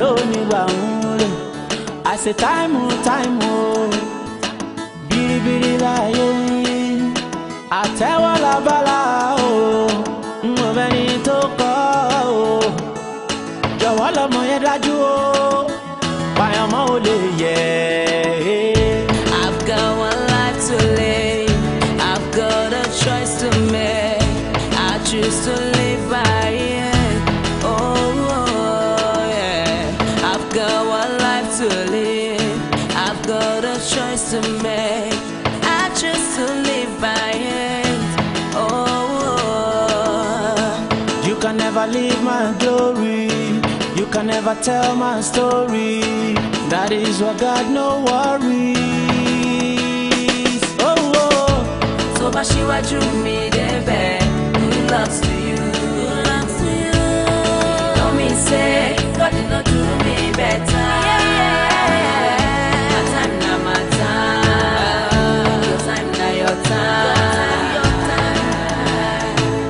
lóníwà ń rè àṣẹ táìmù táìmù o biribiri láyé àtẹ́wọ́ lábala o n ò mẹ́ni tó kọ́ o oh. jọ̀wọ́ lọ́mọ yẹn dájú o oh. pààyàn mọ́ ò lè yẹ. never leave my glory. You can never tell my story. That is why God no worries. Oh, oh. So Bashiwa drew me there, Who loves to you? Who loves to you? Know me say, God did not do me better. Yeah. My time now, my time. Your time now, your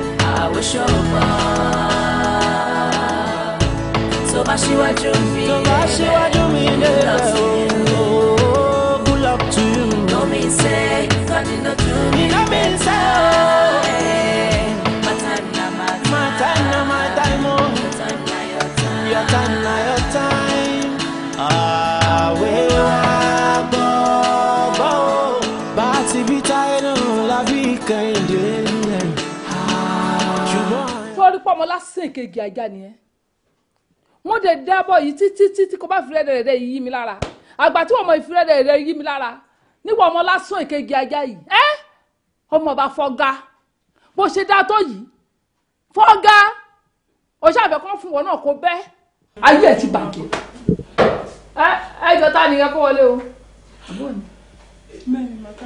time. I wish you síwájú mi. tó bá síwájú mi lè o oh, good luck to you. no mean say God did not do no mean say o. My time na my time, oh. Your time na your time. Àwẹ̀ wá gbọ́ gbọ́ o. Bá a ti bí táyé náà lábí kẹ́hìndé. Ṣé orí pọ́nmọ́lá sèkejì ajá nìyẹn? wọ́n dẹ̀ dábọ̀ yìí títí títí kó bá fìrẹ́ dẹ̀rẹ̀dẹ̀ yìí yí mi lára àgbà tí wọ́n mọ ìfìrẹ́ dẹ̀rẹ̀dẹ̀ yí mi lára níwọ̀ ọmọ lásán ìkejì ajá yìí ẹ́ ọmọ bá fọ́gá bó ṣe dá tó yìí fọ́gá ọṣẹ àbẹ̀ kan fún wọn náà kó bẹ́ ayé ẹ̀ ti bàjẹ́ ẹ ẹ jọ ta nìyẹn kó wọlé o àbúrò ni. mẹ́rin màkà.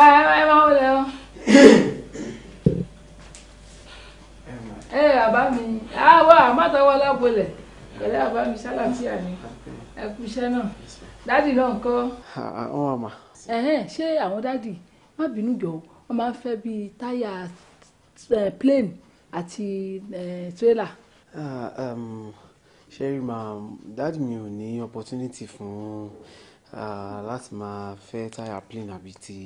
ẹ ẹ máa wọlé o. ẹ bàbá mi àwa àmọ́tọ́wọ́ lábolẹ̀ pẹ̀lú bàbá mi sálàtìyà ni ẹ kú iṣẹ́ náà dádì náà ńkọ́. àwọn àmà. ṣé àwọn dádì má bínú jọ wọn máa ń fẹ́ bíi táyà plane àti tírélà. sherry ma dádì mi ò ní opportunity fún láti máa fẹ́ táyà plane àbí ti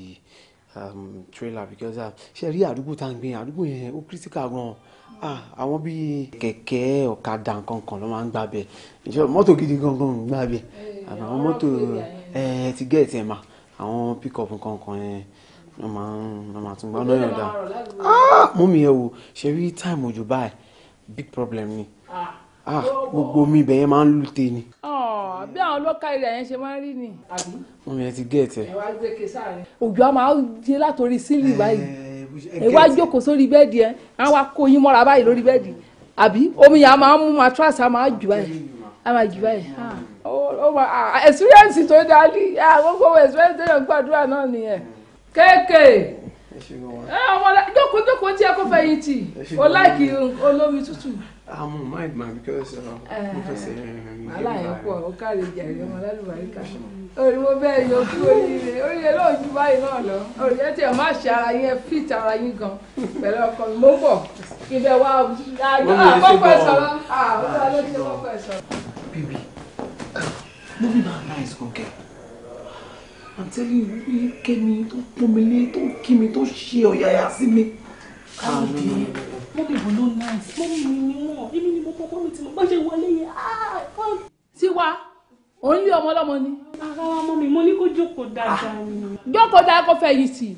trailer because ṣe rí àdúgbò tá à ń gbé àdúgbò yẹn ó critical gan-an Ah, àwọn bíi kẹ̀kẹ́ ọ̀kadà nǹkan kan ló máa ń gbàbẹ̀ mọ́tò gidi gangan ń gbàbẹ̀ eh, àwọn mọ́tò eh, ti gẹ̀ẹ́tì ẹ̀ mà àwọn pick-up nǹkan kan yẹn wọ́n máa ń wọ́n máa tún gbọ́ lọ́yọ̀ dá mú mi ẹ wo ṣe rí táìmù òjò báyìí big problem ni ah, ah, gbogbo mi ibẹ̀ yẹn máa ń lù tè ni. bí àwọn ọlọ́ka ilẹ̀ yẹn ṣe máa ń rí ni. mú mi ẹ ti gẹ̀ẹ́tì ẹ. òjò a máa ń jẹ látòrí sílì báyìí. Eh, ìwà jókòó sórí bẹ́ẹ̀dì ẹ àwọn akó yín mọ́ra báyìí lórí bẹ́ẹ̀dì àbí omi yà máa ń mú matras a máa jù báyìí a máa jù báyìí experience tó dáa ní gbogbo experience tó yàn gbàdúrà náà nìyẹn kéèké jókòó jókòó tí ẹ kó fẹ̀yìntì o láìkì olómi tútù. I won't mind, ma, because uh, eh, eh, wàhálà yẹn pọ̀ ó kárí jàre ọmọ lálùbáríkà òrìwó bẹ́ẹ̀ yọ kú oríire oríire náà ju báyìí náà lọ òrìṣẹ́ tí ẹ má ṣe ara yín fit ara yín gan pẹ̀lú ọkọ mi mo bọ̀ ibẹ̀ wa àjọ àkọ́kọ́ ẹ̀ sọ̀rọ̀ àwọn ọ̀la ló ṣe kọ́kọ́ ẹ̀ sọ̀rọ̀. bíbí lórí náà nice gan kẹ àǹtẹ̀lẹ̀ ìlú kẹ́mi tó pọ́nmi lé tó kí mi tó ṣe ọ̀yàyà sí mi káàmì mọ́mí wo ló náà mọ́mí mi ni wọ́n èmi ni mo kọ́ mọ́mí tí mo bá ṣe wọlé yẹn tiwa ò ń lé ọmọ ọlọ́mọ ni. ara wa mọ́mí mo ní kó jókòó dáadáa ni. jókòó dáa kó fẹ́ yìí tì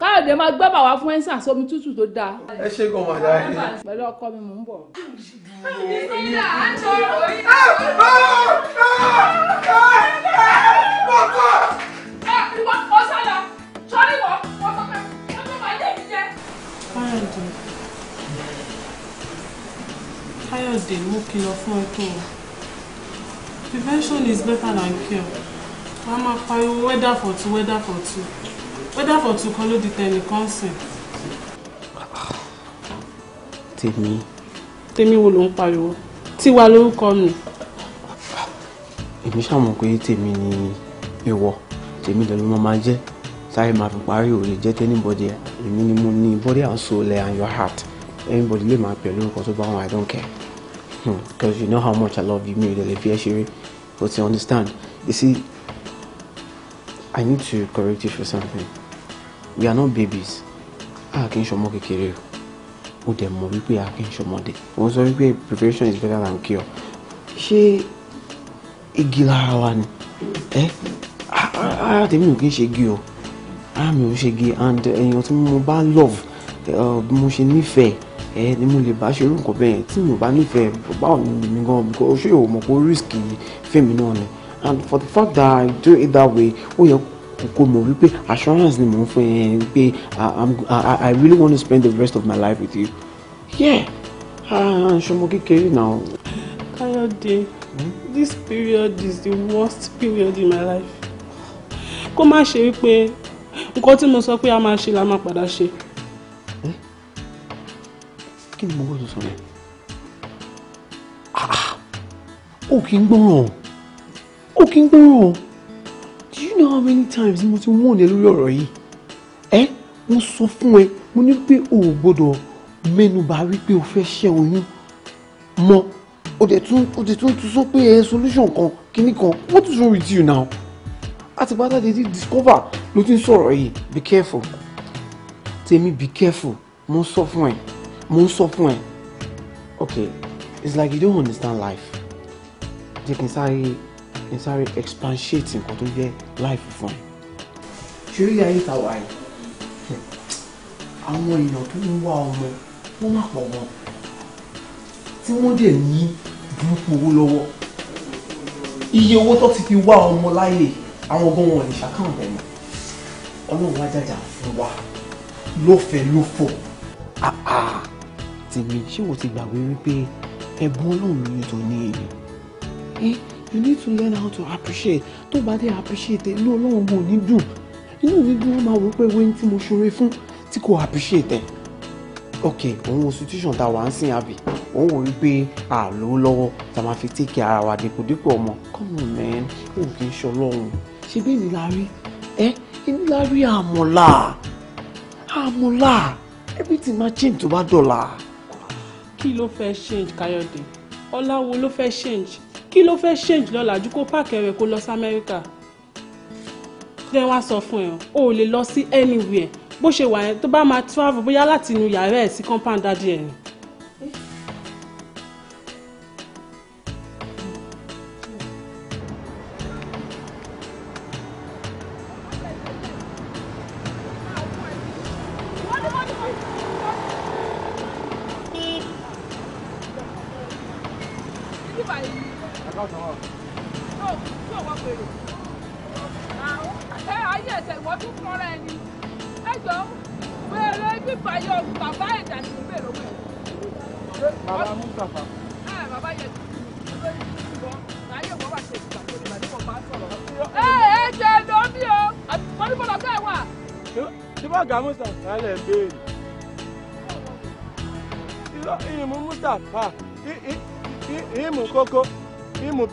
káyọ̀dé máa gbẹ́ bàwá fún ẹ́ńsà sómi tútù tó dáa. ẹ ṣe kò mà dáa yìí. pẹ̀lú ọkọ mi mò ń bọ̀. ìsìnlẹ̀ àjọ òyìnbó. ọkọ ọsàn lọ sọ́ni wọ́n káyọ̀dé káyọ̀dé mo kìlọ̀ fún ẹ tó prevention is better than cure wọ́n á máa pariwo weather for two weather for two weather for two kan ló di tẹnìkan sìn. tèmi. tèmi wo ló ń pariwo tiwa lórúkọ mi. èmi ṣàmọ̀ pé tèmi ni èèwọ̀ tèmi lẹ́nu mo máa jẹ́ sáré máa fi parí ò lè jẹ́ tẹ́nibọ́dì èmi ni mo ní body and soul and your heart anybody lè máa pẹ̀lú nǹkan tó bá wọn i don't care because hmm, you know how much i love you mi ò lè fi ẹ́ ṣeré but you understand you see i need to correct you for something we are not babies a kì í ṣọmọ kékeré o ó dẹ̀ mọ̀ wípé a kì í ṣọmọdé òun sọ wípé preparation is better than cure ṣé igi lára wa ni ẹ ah, ah, ah. tèmi ò kì í ṣe igi o ara mi ò ṣègi and èèyàn tí mo bá love eh, mo ṣe nífẹ̀ẹ́ ẹ eh, ni mo lè bá ṣe irú nǹkan bẹ́ẹ̀ yẹn tí mi bá nífẹ̀ẹ́ báwo ni lèmi gan because ṣé o mọ̀ pé risk fèmí náà ni and for the fact that I do it that way ó yẹ kó mọ̀ wípé assurance ni mò ń fún yẹn wípé ah, ah, I really want to spend the rest of my life with you yeah ah, ṣọmọ kékeré náà. Kayode this period is the worst period in my life kó má ṣe wípé nǹkan tí mo sọ pé a máa ṣe la máa padà ṣe. Eh? kí ni mo gbọ́dọ̀ sọ yẹn ah, ah. ó kì í gbọ́ràn ó kì í gbọ́ràn do you know how many times mo ti wọ́n ní lórí ọ̀rọ̀ yìí ẹ eh? mo sọ fún ẹ mo ní pé o ò gbọ́dọ̀ mẹ́nubà wípé o fẹ́ ṣẹ́ oyún mọ́ o dẹ̀ tún o dẹ̀ tún tún sọ pé ẹ solution kan kíní kan what is wrong with you now àti bá dáadé ti discover ló ti ń sọ̀rọ̀ yìí be careful tèmi be careful mo ń sọ fún ẹ mo ń sọ fún ẹ okay it's like you don't understand life jẹ́ kí n sáré kí n sáré expatiate nǹkan tó jẹ́ life fún ẹ. ṣeré ayé ta wà yìí àwọn èèyàn tó ń wá ọmọ wọ́n má pọ̀ wọn tí wọ́n dẹ̀ ní burúkú owó lọ́wọ́ iye owó tó ti fi wá ọmọ láyè àwọn ọgbọ́n wọn lè ṣàkàwọn bẹ̀rẹ̀ mọ́ ọlọ́run wá jàjà fún wa lọ́fẹ̀ẹ́ lófò. tèmi ṣé o ti gbàgbé wípé ẹ̀bùn ọlọ́run ni tó ní èyí. ẹ you need to learn how to appreciate tó bá dé appreciate inú ọlọ́run wo ní dùn inú mi dùn wọn máa wò pé wẹ́n tí mo ṣoore fún tí kò appreciate ẹ̀ ok òun wo situation tá a wà ń sìn àbí òun wò wípé àlọ́ lọ́wọ́ tá a máa fi take care ara wa dípò dípò ọmọ come on man òun kì í ṣọlọ́run ṣe bí èmi la rí ẹ èmi la rí àmọ̀là àmọ̀là everything máa change tó bá dọ̀la. kí ló fẹ́ change Káyọ̀dé ọlá wo ló fẹ́ change kí ló fẹ́ change lọ́la ju kó páàkì ẹ̀rẹ̀ kó lọ sí Amẹ́ríkà jẹ́ wá sọ fún ẹ o ò lè lọ sí anywhere bó ṣe wà yẹn tó bá máa travel bóyá láti inú yàrá ẹ̀ sí compound dáadé ẹ̀ ni.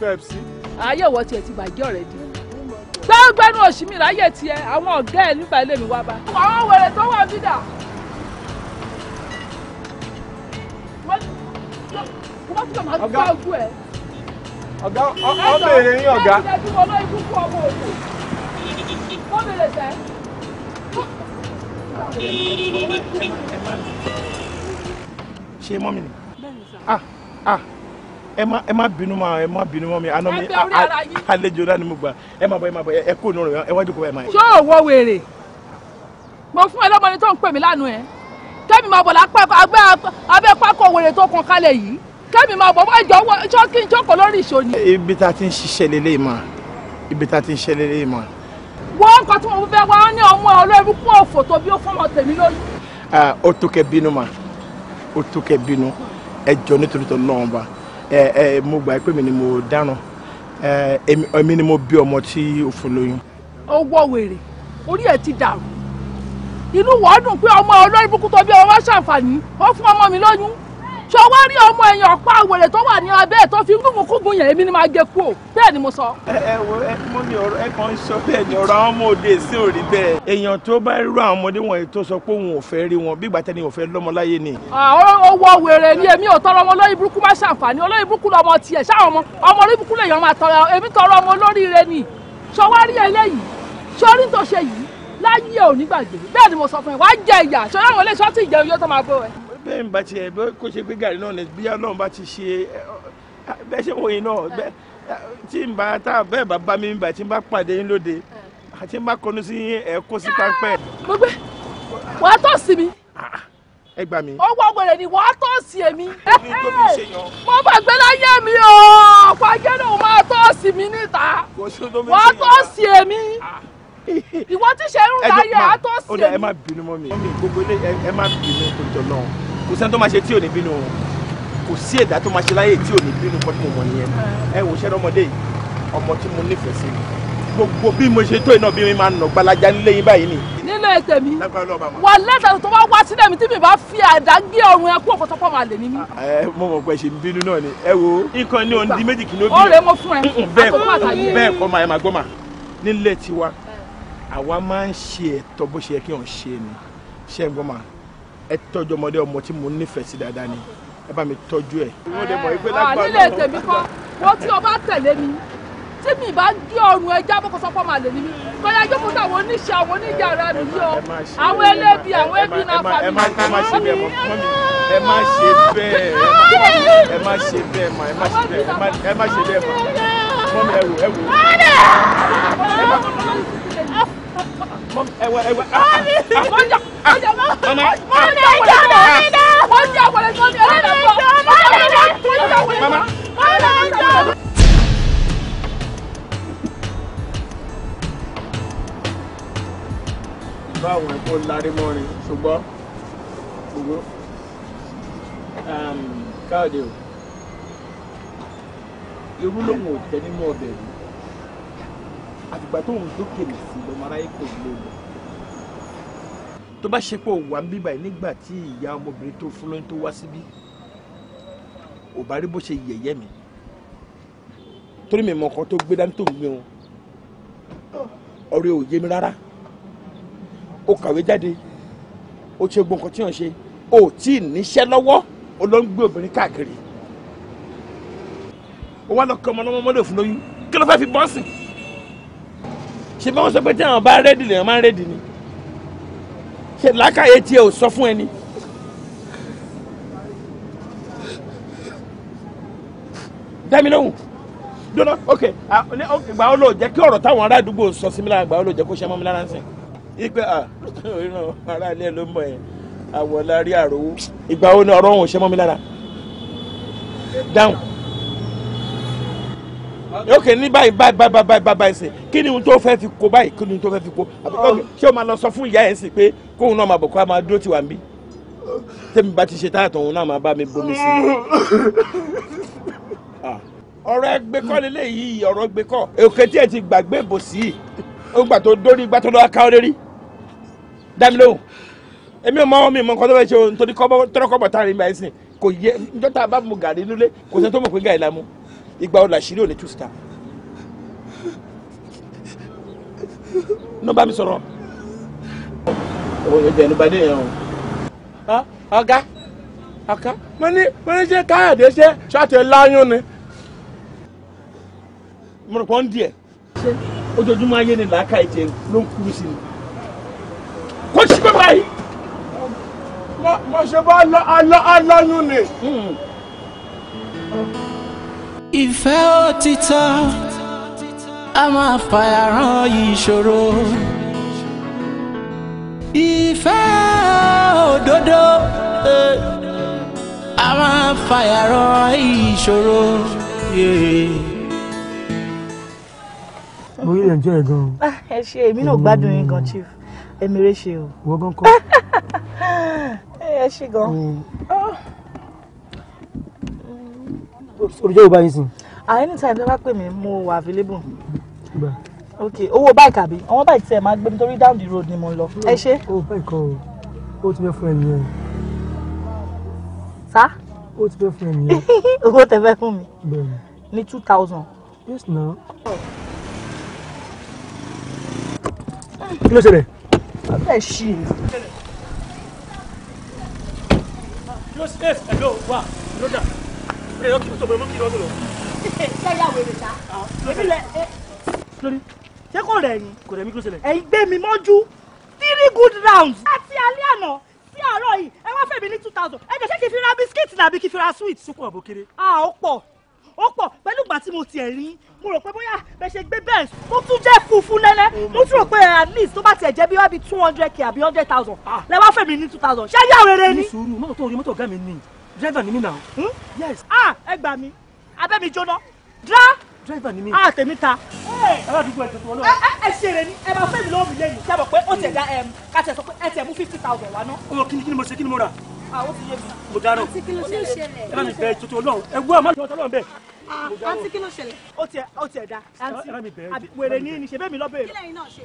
Pepsi. ayé ìwọ tiẹ̀ ti bàjẹ́ ọ̀rẹ́ di gbẹ́gbẹ́nu òsì mi ráyè tiẹ̀ àwọn ọ̀gá ẹ̀ nígbà ilé mi wá bá. àwọn wèrè tó wà bídà. wọ́n ti kàn máa gbá ojú ẹ̀. ọ̀gá ọ̀gá èrè yín ọ̀gá. ẹ̀ ẹ̀ ti mọ̀ lọ́ọ́ ikú fún ọmọ òkú. wọ́n bèrè sẹ́. ṣé mọ́mì ni. bẹ́ẹ̀ ni sà. ah ah ẹ má ẹ má bínú ma ẹ má bínú mọ́ mi àná mi àlejò náà ni mo gbà ẹ má bọ̀ ẹ má bọ̀ ẹ kó nù rẹ ẹ wájú kó ẹ má yẹ. ṣé òwò wèrè mo fún ẹ lọ́mọdé tó ń pè mí lánàá ẹ kẹ́mi máa bọ̀ lápá abẹ́ abẹ́ pákó wèrè tó kan kálẹ̀ yìí kẹ́mi máa bọ̀ wọ́n jọ wọ́n kí n jókòó lórí ìṣó ni. ibi tá a ti ń ṣiṣẹ́ lélẹ́yìí mà ibi tá a ti ń ṣiṣẹ́ lélẹ́yìí mà. wọ́n kọ́ tí mo fẹ́ wá ní ọmọ ọlọ́run òfò tó ó fọmọ ah, ẹ jọ nítorí tó lọ́wọ́n bá mo gba pé mi ni mo dáná emi ni mo bí ọmọ tí o fún lóyún. ó wèrè orí ẹ ti dàrú inú wàá dùn pé ọmọ bi burúkú tó ọmọ ṣàǹfààní mi lóyún ṣọwọ́ rí ọmọ ẹ̀yìn ọ̀pá àwèrè tó wà ní abẹ́ tó fi gbùngbùnkùngbùn yẹn èmi ni máa gé kú o bẹ́ẹ̀ ni mo sọ. ẹ ẹ wo ẹ mo ní ọ̀rọ̀ ẹ kàn ń sọ bẹ́ẹ̀ ni ọ̀rọ̀ àwọn ọmọ òde sí òrí bẹ́ẹ̀. èèyàn tó bá rú àwọn ọmọdé wọ̀nyí tó sọ pé òun ò fẹ́ rí wọn bí ìgbà tẹ́ni ò fẹ́ lọ́mọ láyé ni. owó wèrè ni èmi ò tọrọ ọmọ olóyè burúkú má ṣàǹfààní olóyè burúkú lọmọ tiẹ̀ ṣáwọn ọmọ ọmọ ni ṣọwọ́ ni mo sọ fún ẹ wá jẹ ìyà ṣọlá àwọn ilé iṣẹ́ tí bẹ́ẹ̀ ni bá ti ẹ̀ kó ṣe pé gàrí náà bí ọlọ́run bá ti ṣe bẹ́ẹ̀ ṣe wòye náà tí n bá tá bẹ́ẹ̀ bá bá mi bá tí n bá pàdé yín lóde àti n bá kọnu sí ẹ̀ sí pápẹ́. mo gbé wàá tọ̀ sí mi ah, ẹ gbà mí. ó wọ wẹrẹ ni wàá tọ́ọ̀sì èmi. mo gbàgbé láyé mi o fagé lòun máa tọ́ọ̀sì mi níta wàá tọ́ọ̀sì èmi ah. ìwọ tí ṣe ń ráyè àtọ́sí èmi. ó dà ẹ má bínú mọ́ mi gbogbo ẹ má bínú kò jọ lọ́hùn kò sẹ́ni tó máa ṣe tí ò ní bínú o kò sí ẹ̀dá tó máa ṣe láyé tí ò ní bínú kọ́ tí mo mọ̀ nìyẹn ẹ wò ṣẹ́ ọmọdé yìí ọmọ tí mo nífẹ̀ẹ́ sí gbogbo bí mo ṣe tó iná bí mi máa nà gbalaja nílé yín báyìí ni. nílé ètè mi wà lẹ́tà tó bá wá sílẹ̀ mi tí mi bá fi àdá gé ọrùn ẹ kú ọ̀pọ̀tọ́ pọ̀ máa lè ní mi. ẹ mo mọ̀ pé ṣe bínú náà ni ẹ wo ikán ni ohun di méjì kìíní ó bí. ọ̀rẹ́ mo fún ẹ àkókò àtàyè. bẹ́ẹ̀ kọ́ máa ẹ máa gbọ́ mà nílẹ̀ tiwa àwa máa ń ṣe ẹ̀tọ́ bó ṣe yẹ kí wọ́n ṣe ni ṣé ń gbọ́ mà ẹ tọ́jú ọmọdé ọmọ tí mo nífẹ̀ẹ́ sí dáadáa ni ẹ bá mi tọ́jú ẹ̀. Ah, nílé tèmi kọ́ wo tí o bá tẹ̀lé mi tí mi bá gbé ọrùn ẹja bọ́kọ̀sọ́pọ̀ máa lè ní mi kọ́lá jókòó sí àwọn oníṣẹ́ àwọn oníjàrá mi yìí o àwọn ẹlẹ́bi àwọn ẹbí náà fà mí. ẹ má ṣe bẹ́ẹ̀ ẹ má ṣe bẹ́ẹ̀ ma ẹ má ṣe bẹ́ẹ̀ ma ẹ má ṣe bẹ́ẹ̀ ma ẹ wò ẹ wò ẹwẹ ẹwẹ. mọ̀jà mọ̀jà mọ̀jà mọ̀jà mọ̀jà mọ̀jà mọ̀jà wọlé sọ́ọ̀bì ọ̀dà bọ̀ mọ̀jà mọ̀jà wọlé sọ́ọ̀bì. báwo ẹ kó lárí mọ́rin ṣùgbọ́n gbogbo káàdì o irú lòun ò tẹ́ nínú ọbẹ̀ yìí àtìgbà tó ń dókè mi sí lọ́mọ aráyé kò lè lọ. tó bá ṣe pé òwà ń bíbà yìí nígbà tí ìyá ọmọbìnrin tó fún lóyún tó wá síbí ò bá rí bó ṣe yẹ̀yẹ́ mi torí mi mọ nǹkan tó gbé dání tó ń gbé wọn ọ̀rẹ́ ò yé mi rárá ó kàwé jáde ó ṣe gbọ́n nǹkan tí wọ́n ṣe ó tí ì níṣẹ́ lọ́wọ́ ó lọ ń gbé obìnrin káàkiri ó wá lọ kọ́ ọmọ ọlọ́mọ ọmọdé fún lóyún kí ló fẹ́ fi bọ́ọ̀sì ṣe bí wọ́n sọ pé tí àwọn bá rẹ́dì lèèyàn máa rẹ́dì ni ṣe làákàyè tiẹ̀ ò sọ fún ẹni. dẹ́mi lóhùn dúró ok ìgbà wo ló jẹ́ kí ọ̀rọ̀ táwọn ará àdúgbò sọ sí mi lára ìgbà wo ló jẹ́ kó ṣe mọ́ lára ń ipe ìran ará ilé ló mọ̀ ẹ́ àwọ̀ la rí àròwó ìgbà wo ni ọ̀rọ̀ òun ṣe mọ́ lára dáhùn ok ní báyìí báyìí báyìí báyìí báyìí sè kí ni tó fẹ́ fi kó báyìí kí ni tó fẹ́ fi kó um. ṣé o máa lọ sọ fún ìyá ẹ̀ sí pé kóun náà máa bọ̀ kó a máa dúró tiwa níbí tẹ́mi bá ti ṣe táyà tọ̀hún náà máa bá mi bomi sí i. Ah. ọ̀rọ̀ ẹgbẹ́ kọ́ lélẹ̀ yìí ọ̀rọ̀ ẹgbẹ́ kọ́ òkè tí ẹ ti gbàgbé bò sí i ó gbà tó dórí gbà tó lọ́wọ́ káwọ́ lérí dámi lóhùn èmi ò mọ ọmọ mi mọ nǹkan tó fẹ́ ṣe o nítorí tọ́rọ́kọ́bọ̀ tá a rí mi àìsàn kò yẹ njọ́ta ìgbà ọ̀la ṣírí ò ní tú síta. nọmba mi sọ̀rọ̀. ọ̀rọ̀ ìjẹ̀nuba ní ẹ̀yàn o. ọ̀gá ọ̀gá mo ní mo ní ṣe káyọ̀dé ṣe ṣáàtì láyún ni. mo rò pọ̀ ń di ẹ̀. ṣé ojoojúmọ́ ayé ni làákà ìjẹ ló ń kúrú sí ni. kò sí pé báyìí. mo ṣe bá a lọ́yún ni. Mm. Mm ìfẹ́ òtítọ́ a máa fàyàrán ìṣòro ìfẹ́ òdodo eh, a máa fàyàrán ìṣòro. mo really enjoy gan. Ah, ẹ ṣe èmi náà gbádùn yín gan chief èmi rè ṣe o. wọ́n gan kọ́. ẹ ṣe gan. Mm. Oh sórí jẹ́ òbá yín sìn. à anytime tó bá pè mí mo wà available. ok owó báyìí kàbí àwọn báyìí tiẹ̀ máa gbé mi torí down the road ni mo lọ. ẹ ṣe. owó báyìí kọ o ó ti fẹ́ fún ẹ nìyẹn. sá. ó ti fẹ́ fún ẹ nìyẹn. owó tẹ fẹ́ fún mi. bẹ́ẹ̀ni. ní two thousand. yes na. kí ló ṣẹlẹ̀. abẹ́ ṣì. kí hello wa ló dà ẹ yọ kí n sọ̀rọ̀ mú kí n lọ. ṣé ìyá ta ah, èmi lẹ. lórí ṣé kò rẹ̀ yín kò rẹ̀ mí kó ṣẹlẹ̀. ẹ̀yin gbé mi mọ́jú three good rounds. àti alẹ́ àná sí àárọ̀ yìí ẹ wá fẹ́ ní two thousand ẹ jẹ́ ṣé kí n fi ra bisikíìtì nàbí kí n fi ra sweet. sókò àbò kéré. a ah, ó pọ̀ ó pọ̀ pẹ̀lú ìgbà tí mo tiẹ̀ rí mo rò pé bóyá bẹ́ẹ̀ ṣe gbé bẹ́ẹ̀ tó tún jẹ́ funfun lẹ́lẹ́ oh mo tún rò pé at least tó bá tiẹ̀ jẹ́ bí wá bí two hundred k àbí hundred thousand ah. lẹ wá ní two thousand ṣé yá rere ni. ní sùúrù mọ́tò tó mọ́tò ọ̀gá mi nìyí driver ni mí náà. Hmm? yes. ah ẹ gbà mí abẹ́ mi jóná dra. driver ni mí. ah tèmi ta. ẹ bá dùgbò ẹ̀ tuntun ọlọ́run. ẹ ṣe rẹ ni ẹ máa fẹ́ mi lọ́wọ́ mi lẹ́yìn. sábà pé ó tẹ̀ dá ẹ ká sọ pé ẹ tẹ̀ mú fifty thousand wá náà. ọmọ kini, kini, mo se, kini mo rà. àwọn ah, ti yé mi. mo dáná. àti kí ló ṣe é ṣẹlẹ̀. ẹ bá mi bẹ tuntun ọlọ́run ẹ gbọ́ àmọ́ Ah, àǹtí kí ló ṣẹlẹ̀. ó tiẹ̀ ó tiẹ̀ da àǹtí wèrè ní ní ṣe bẹ́ẹ̀ mi lọ bẹ̀rẹ̀. kílẹ̀ yín náà ṣe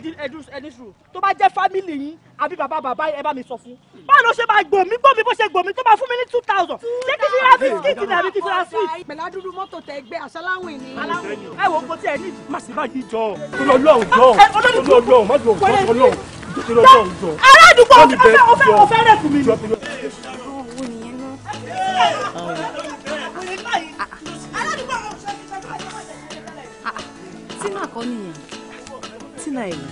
fún. ẹni sùúrù tó bá jẹ́ fámìlì yín àbí bàbá bàbá ẹ bá mi sọ fún. báwo ló ṣe máa gbò mí gbò mí bó ṣe gbò mí tó máa fún mi ní two thousand. ṣé kí ṣe ra bisikíìtì ni àbí kí ṣe ra sweet. pẹ̀lú adúrú mọ́tò tẹ gbé aṣáláwìn ni. ẹ wo kò tiẹ̀ ní. má sì bá yí jọ ọlọ́run jọ ọlọ́run má jọ ọlọ́run jọ. ará àdúgbò ọ̀fẹ́ ọ̀fẹ́ rẹ̀ fún mi. tina kọ́ nìyẹn tina ẹ̀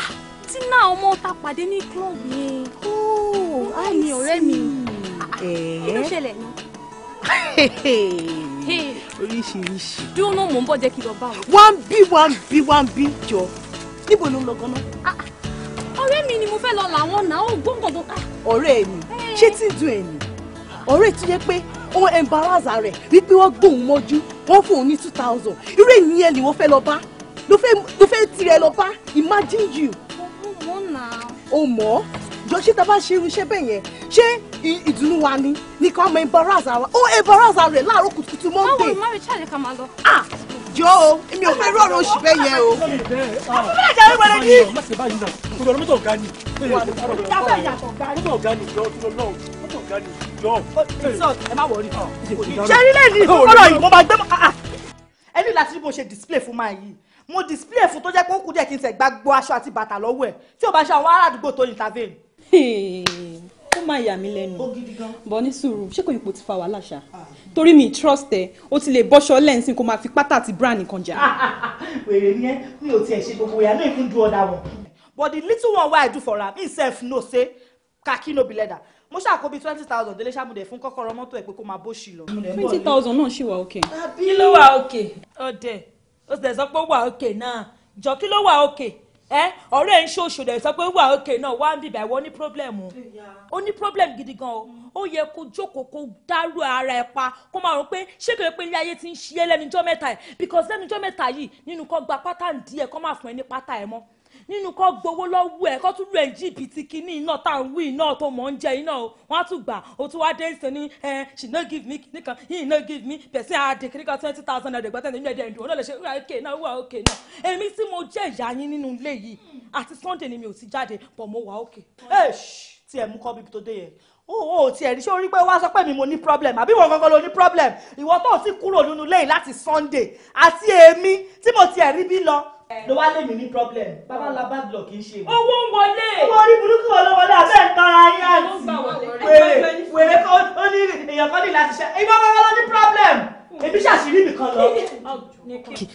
ah, tina ọmọ ta pàdé ní club yẹn ooo àìní ọ̀rẹ́ mi ah, kí ló eh? ṣẹlẹ̀ ni oríṣiríṣi. dúró náà mò ń bọ̀ jẹ́ kí lọ bá wọn. wọ́n ń bí wọ́n ń bí wọ́n ń bí jọ níbo ló ń lọ gan-an. Ah, ọ̀rẹ́ mi ni mo fẹ́ lọ làwọn náà ó gbọ́ngàn tó ká. ọ̀rẹ́ mi ṣé tí ń dun ẹ̀ ni ọ̀rẹ́ tó yẹ pé ó embarrass rẹ̀ wípé wọ́n gbóhùn mọ́jú wọ́n fún òun ní two thousand irú ènìyàn ni wọ́n fẹ́ lọ bá ló fẹ́ tirẹ̀ lọ bá imagine you. mo mọ̀ náà. o mọ̀ jọ ṣé tá bá ṣe irú iṣẹ́ bẹ́ẹ̀ yẹn ṣé ìdùnnú wa ni ní ká ọmọ embarrass ara ó embarrass rẹ̀ láàárọ̀ kùtùkùtù monday. báwo ni má rí ṣáàlì ká máa lọ. ah jọ o èmi ò fẹ́ rọrùn oṣù bẹ́ẹ̀ yẹn o. àbúrò ìjà wọlé ní gan ni jọ. ẹ má wọrí ṣẹ́rí lẹ́ni ọ̀rọ̀ yìí mo máa gbé ah, ah. ẹni láti bó ṣe display fún máa yìí mo display fún tó jẹ́ pé ó kú díẹ̀ kí n tẹ̀ gbá gbọ́ aṣọ àti bàtà lọ́wọ́ ẹ̀ tí ò bá ṣe àwọn ará àdúgbò tó intervene. ó máa yà mí lẹ́nu bọ́ ní sùúrù ṣé kò yípo ti fa wàhálà ṣá ah. torí mi trust ẹ o ti lè bọ́ṣọ lẹ́ǹsìn kó máa fi pátá àti brand nìkan jà. wèrè ni ẹ mi ò tiẹ̀ ṣe gbogbo ìyá náà ìkún du ọ̀dà but the little one wey i do for am himself know say kaki no be leather mo ṣàkó bíi twenty thousand délé ṣàmùdẹ̀ fún kọ́kọ́rọ́ mọ́tò ẹ̀ pé kó máa bó ṣì lọ. twenty thousand náà ṣì wà òkè. kí ló wà òkè ọdẹ ó sì dẹ̀ sọ pé ó wà òkè náà jọ kí ló wà òkè ẹ ọ̀rẹ́ ń ṣoṣo dẹ̀ sọ pé wà òkè náà wá ń bìbà ìwọ ní problem o ó ní problem gidi gan o ó yẹ kó jókòó kó dárò ara ẹ pa kó máa rò pé ṣé kèrè pé ilé ayé ti ń ṣiyẹ́ lẹ́nujọ́ mẹ́ta ẹ̀ because lẹ́nujọ́ mẹ́ta yìí nínú kan gba pátá ń di ẹ̀ kó máa fún ẹ ní pátá ẹ mọ́ nínú kọ́ gbowó lọ́wọ́ ẹ̀ kọ́ tún lu ẹ̀jìbìtì kínní iná tá à ń wí iná tó mọ̀ ń jẹ iná o wọ́n á tún gbà o tún wá dé ìsìn ní ẹ she no give me kínní kan he no give me pẹ̀sẹ̀ àdè kínní kan twenty thousand naira ìgbàtẹ́ nínú ẹ̀dẹ̀ ìdùnnú náà lè ṣe wíwá òkè náà wíwá òkè náà èmi tí mo jẹ́ ìyá yín nínú ilé yìí àti Sunday ni mi ò ti jáde pọ̀ mo wà òkè. ẹ ti ẹ̀ mú kọ́ bíbi tó dé yẹn o ò tiẹ̀ rí ṣé o rí pé wá sọ pé mi mo ní problem àbí ìwọ gangan ló ní problem ìwọ tó ti kúrò nínú lẹ́yìn láti Sunday àti èmi tí mo tiẹ̀ rí bí lọ ló wá lèmi ní problem bàbá ńlá bad luck kì í ṣe. owó ń wọlé. owó orí burúkú wọn ló wọlé àbẹ́ ìta ayé àti wèrè wèrè ó ní èèyàn kan ní láti ṣe ìgbà wọn ló ní problem èmi ṣàṣírí nìkan lọ.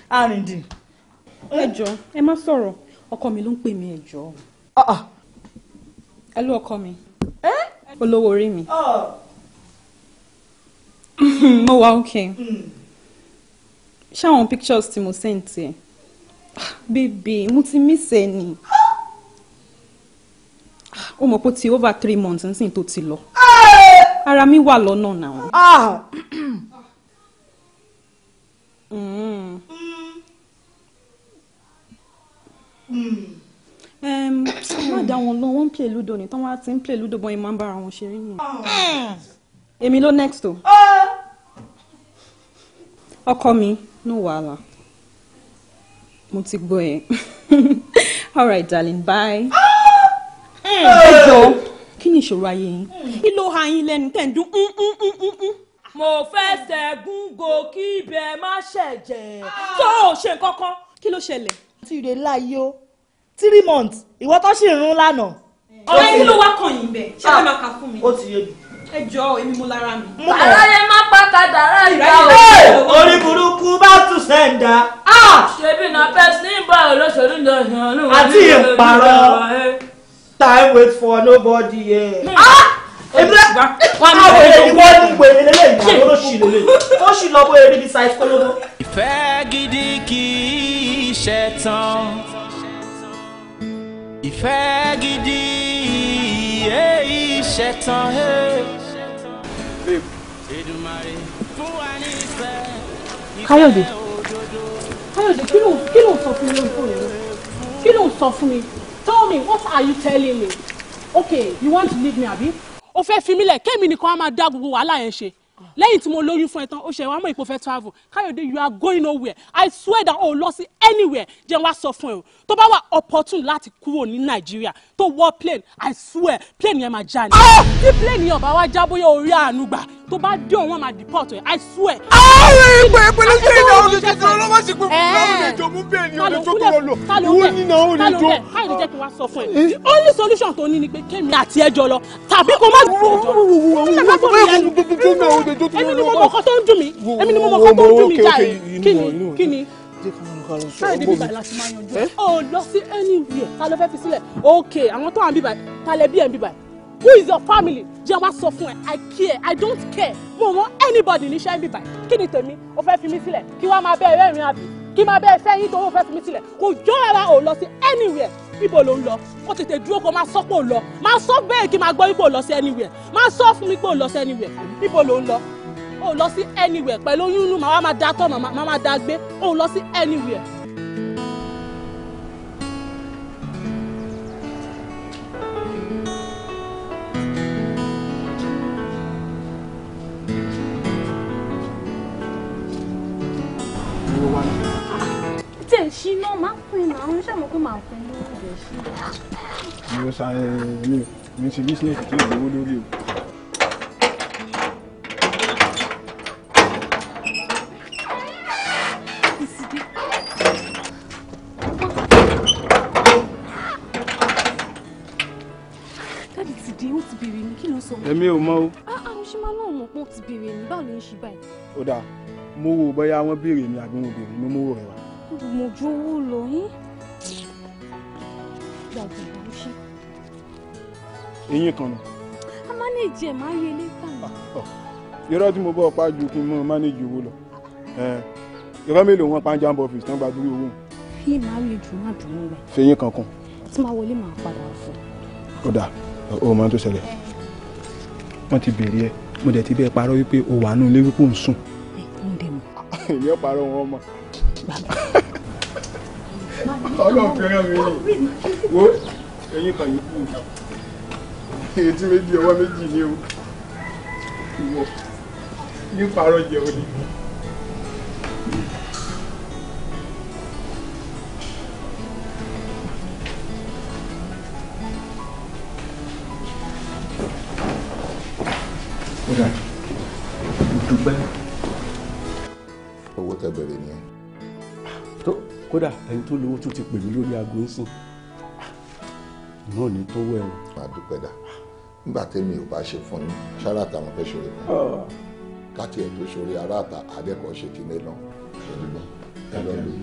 arìndìn. ẹ jọ̀ọ́ ẹ má sọ̀rọ̀ ọkọ mi ló ń pè mí ẹ jọ̀ọ́. ẹ ló ọkọ mi olówó orí mi oh. mo wà okay hmm. ṣáwọn pictures tí mo send tiẹ̀ bèbè mo ti miss ẹ ni ó mọ̀ pé ti over three months nísìnyí tó ti lọ ara mi wà lọ́nà náà. má dá wọn lọ wọn ń play ludo ni tí wọn ti ń play ludo bọ́n yẹn máa ń bára wọn ṣeré yẹn. èmi ló next o ah. ọkọ mi ní wàhálà mo ti gbọ́ yẹn all right darling bye. Ah! ẹ jọ ah! kí ni ìṣòro ayé yín kí ló ha yín lẹ́nu tẹ̀ ń dún mm, mm, mm, mo fẹ́ ṣẹ́gun gòkè ibẹ̀ má ṣẹ̀jẹ̀ ah! tó o ṣe kankan kí ló ṣẹlẹ̀. tí o dey lie o three months ìwọ tó ṣì ń rún lánàá. ọ̀rẹ́ kí ló wá kàn yín bẹ́ẹ̀ ṣé ẹ máa kà fún mi. ó ti yé mi ẹ èmi mo lára mi. aráyé má pàtàkì ara ìgbà o. orí burúkú bá tù sẹ́ńdà. ṣebí na pẹ́sì ní ìbọn olóṣèlú ní ọ̀hún. àti ìpààrọ̀ time wait for nobody. ebile hmm. ah! àwọn èyí wọ́n ní wèrè lélẹ̀ ìgbà tó ṣì lélẹ̀ ó ṣì lọ bó eré bíi size kólóbó. ìfẹ́ gidi kì í ṣe tán ìfẹ́ gidi yé eh, ìṣẹ̀tàn. Hey. Eh babe. káyọ̀dé káyọ̀dé kí ló kí ló sọ fún mi lórí fóònù kí ló sọ fún mi tell me what are you telling me okay you want to leave me abi. o fẹ́ fi mí lẹ̀ kémi nìkan á máa dá gbogbo wàhálà yẹn ṣe lẹ́yìn tí mo lóyún fún ẹ tán ó ṣe wàá mọ̀ ìpò fẹ́ travel káyọ̀dé you are going nowhere i swear that o lọ sí anywhere jẹ́ wá sọ fún ẹ o tó bá wà opportune láti kúrò ní nàìjíríà tó wọ plane i swear plane yẹn máa já ni. tí plane yẹn ọba wa já bóyá orí àánú gbà tó bá dé òun wọn máa deport ẹ i swear. àwọn ìgbà ìpele ṣe ìdá òde títí ọlọ́wọ́ sí pé fúláwù lè jọ mú bẹ́ẹ̀ ni òde tó kọ̀ lọ ìwọ nínú àwọn òde jọ. káyọ̀ ló jẹ́ tàbí kó má dùn ẹjọ́ lọ. ni mo mọ̀ kọ́ tó ń dùn mí èmi ni mo mọ̀ kọ́ tó ń dùn mí jáde kí ni kí ni bẹ́ẹ̀ni bíbá láti máa yanjú ẹ ọ lọ sí anywhere ta ló fẹ́ fi sílẹ̀ ok àwọn tó wà bíbá ta lẹ bí ẹ bíbá who is your family jẹ́ wá sọ fún ẹ i care i don't care mo mọ anybody ní ṣẹ́ bíbá kí ni tèmi o fẹ́ fi mí sílẹ̀ kí wàá máa bẹ́ẹ̀ rẹ́rìn àbí kí máa bẹ́ẹ̀ fẹ́ yín tó o fẹ́ fi mí sílẹ̀ kò jọ ara ò lọ sí anywhere ibo ló ń lọ kó tètè dúró kó máa sọ pé lọ máa sọ bẹ́ẹ̀ kí máa gbọ́ ibo lọ sí anywhere máa sọ fún mi pé lọ sí anywhere ibo ló ń lọ o lọ sí anywhere pẹ̀lú oyún inú màá máa da tọ́ màá máa da gbé o lọ sí anywhere. ṣí náà má pin náà ń ṣàmọ́ pé màá pin lórí ìdẹ̀ṣí. mo ṣàyẹ̀ mi mi ṣe business tí ò lówó lórí o. èmi ò mọ o. àwọn ah, ah, ṣe máa náà mọ̀ pé ó ti béèrè mi báwo ló ń ṣe báyìí. ó dáa mo wò bóyá wọ́n béèrè mi àbí mo béèrè mi mo wò rẹ̀ wá. mo jówó lọ yín. gbàgbé ló ṣe. eyín kan nù. a máa ní ìjẹ máa rí ilé tàn. irọ́ tí mo bọ́ ọ pa ju kí n mọ mánéjì owó lọ irọ́ mélòó wọn pa ń jàǹbọ̀ ọ́fíìsì tán gbàdúrà owó. fi máa rí jù máa dùn ún rẹ. fẹyín kankan. tí máa wọlé máa padà fún. ó dáa ó máa tó ṣẹlẹ̀ wọ́n ti bèrè ẹ̀ mo dẹ̀ ti bẹ́ẹ̀ parọ́ wípé o wà nù lé o ń sùn. èmi ò parọ́ wọn mọ̀. ọlọ́run fẹ́ràn mi ni wo ẹyin kan yìí kú etí méjì ọwọ́ méjì ni o ìwọ ní parọ́ jẹun ni. tó lówó tó ti pè mí lórí aago ńsìn náà ní tó wẹ̀ o. àdúpẹ́ dà nígbà tẹ́mi ò bá ṣe fún yín ṣáárà tá mo fẹ́ ṣòro fún yín ah. káti ẹ̀ tó ṣòro aráàta àdẹ́kọ̀ọ́ ṣe ti nílọ ẹ̀dùnmọ́ ẹ lọ lè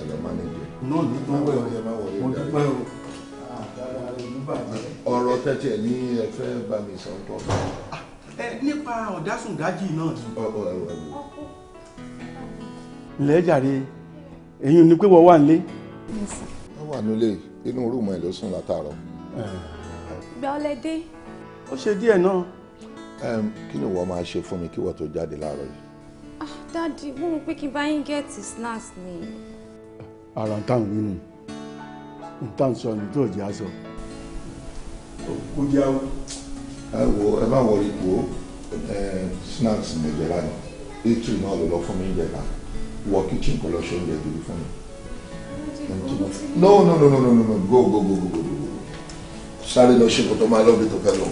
ẹ lọ má nílé. náà ní tó wẹ̀ o mo dúpẹ́ o ọ̀rọ̀ tẹ́tí ẹ̀ ní ẹ fẹ́ bá mi sọ pọ̀. nípa ọ̀dásùndájì náà. ǹlẹ́ jàre èyí ni pé wọ́n wà nílé. wọ́n wà nílé inú rúùmù ẹ̀ ló sùn látàárọ̀. gba ọlẹ́dé. ó ṣe díẹ̀ náà. kí ni wọ́n máa ṣe fún mi kí wọ́n tó jáde láàárọ̀ yìí. ah dadi mo rò pé kí n bá yín gẹ́ẹ̀tì snacks ni. ara ń tàn wí nù ń tàn sọ ní tó jẹ́ aṣọ. kó jẹ́ àwọn. ẹ wo ẹ má wọrí wo snacks mi jẹ lánàá ètò náà ló lọ fún mi jẹ wọ kitchen kó lọ ṣe oúnjẹ gidi fún mi. no no no no no no go go go go go go sáré lọ ṣe kó tó máa lọ́ọ́ bí tó fẹ́ lọ.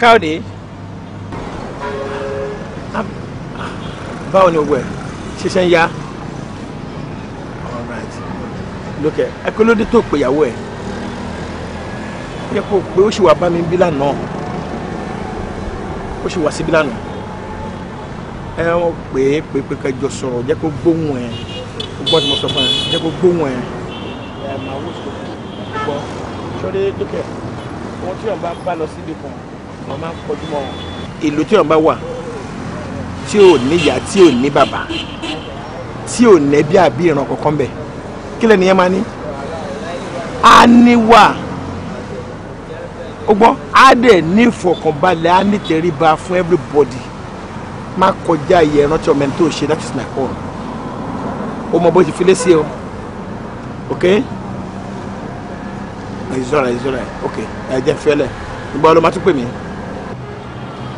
káyọ̀dé ah, báwo ni owó ẹ̀ ṣiṣẹ́ ń yá lókè ẹkọlódé tó pèyàwó ẹ̀ yẹ kó pé ó sì wà bá mi bí lánàá ó sì wà síbí lánàá ẹ ọ pé pé pé kẹjọ sọ̀rọ̀ jẹ́ kó gbóhùn ẹ̀ gbọ́dọ̀ mo sọ fún ẹ jẹ́ kó gbóhùn ẹ̀ ẹ̀ máa wò sókè gbọ́ sọ́dé lókè ohun tí wọn bá bá lọ síbi kan mo máa ń kojú mọ́ wọn. ìlú tí wọn bá wà tí ò níyà tí ò ní bàbá tí ò nẹ́bí àbí ìran kankan bẹ̀ kí lẹ́nu yẹn máa ní. a ní wà ó gbọ́ á dẹ̀ ní ìfọ̀kànbalẹ̀ á ní tẹríba fún everybody má kọjá iye ẹran tí ọmọ ẹni tó ṣe that is my own ó mọ bó ti filé sí o ok ìzọ́ra ìzọ́ra ok ẹ̀jẹ̀ fiọ́lẹ̀ ìgbà ló máa tún pè mí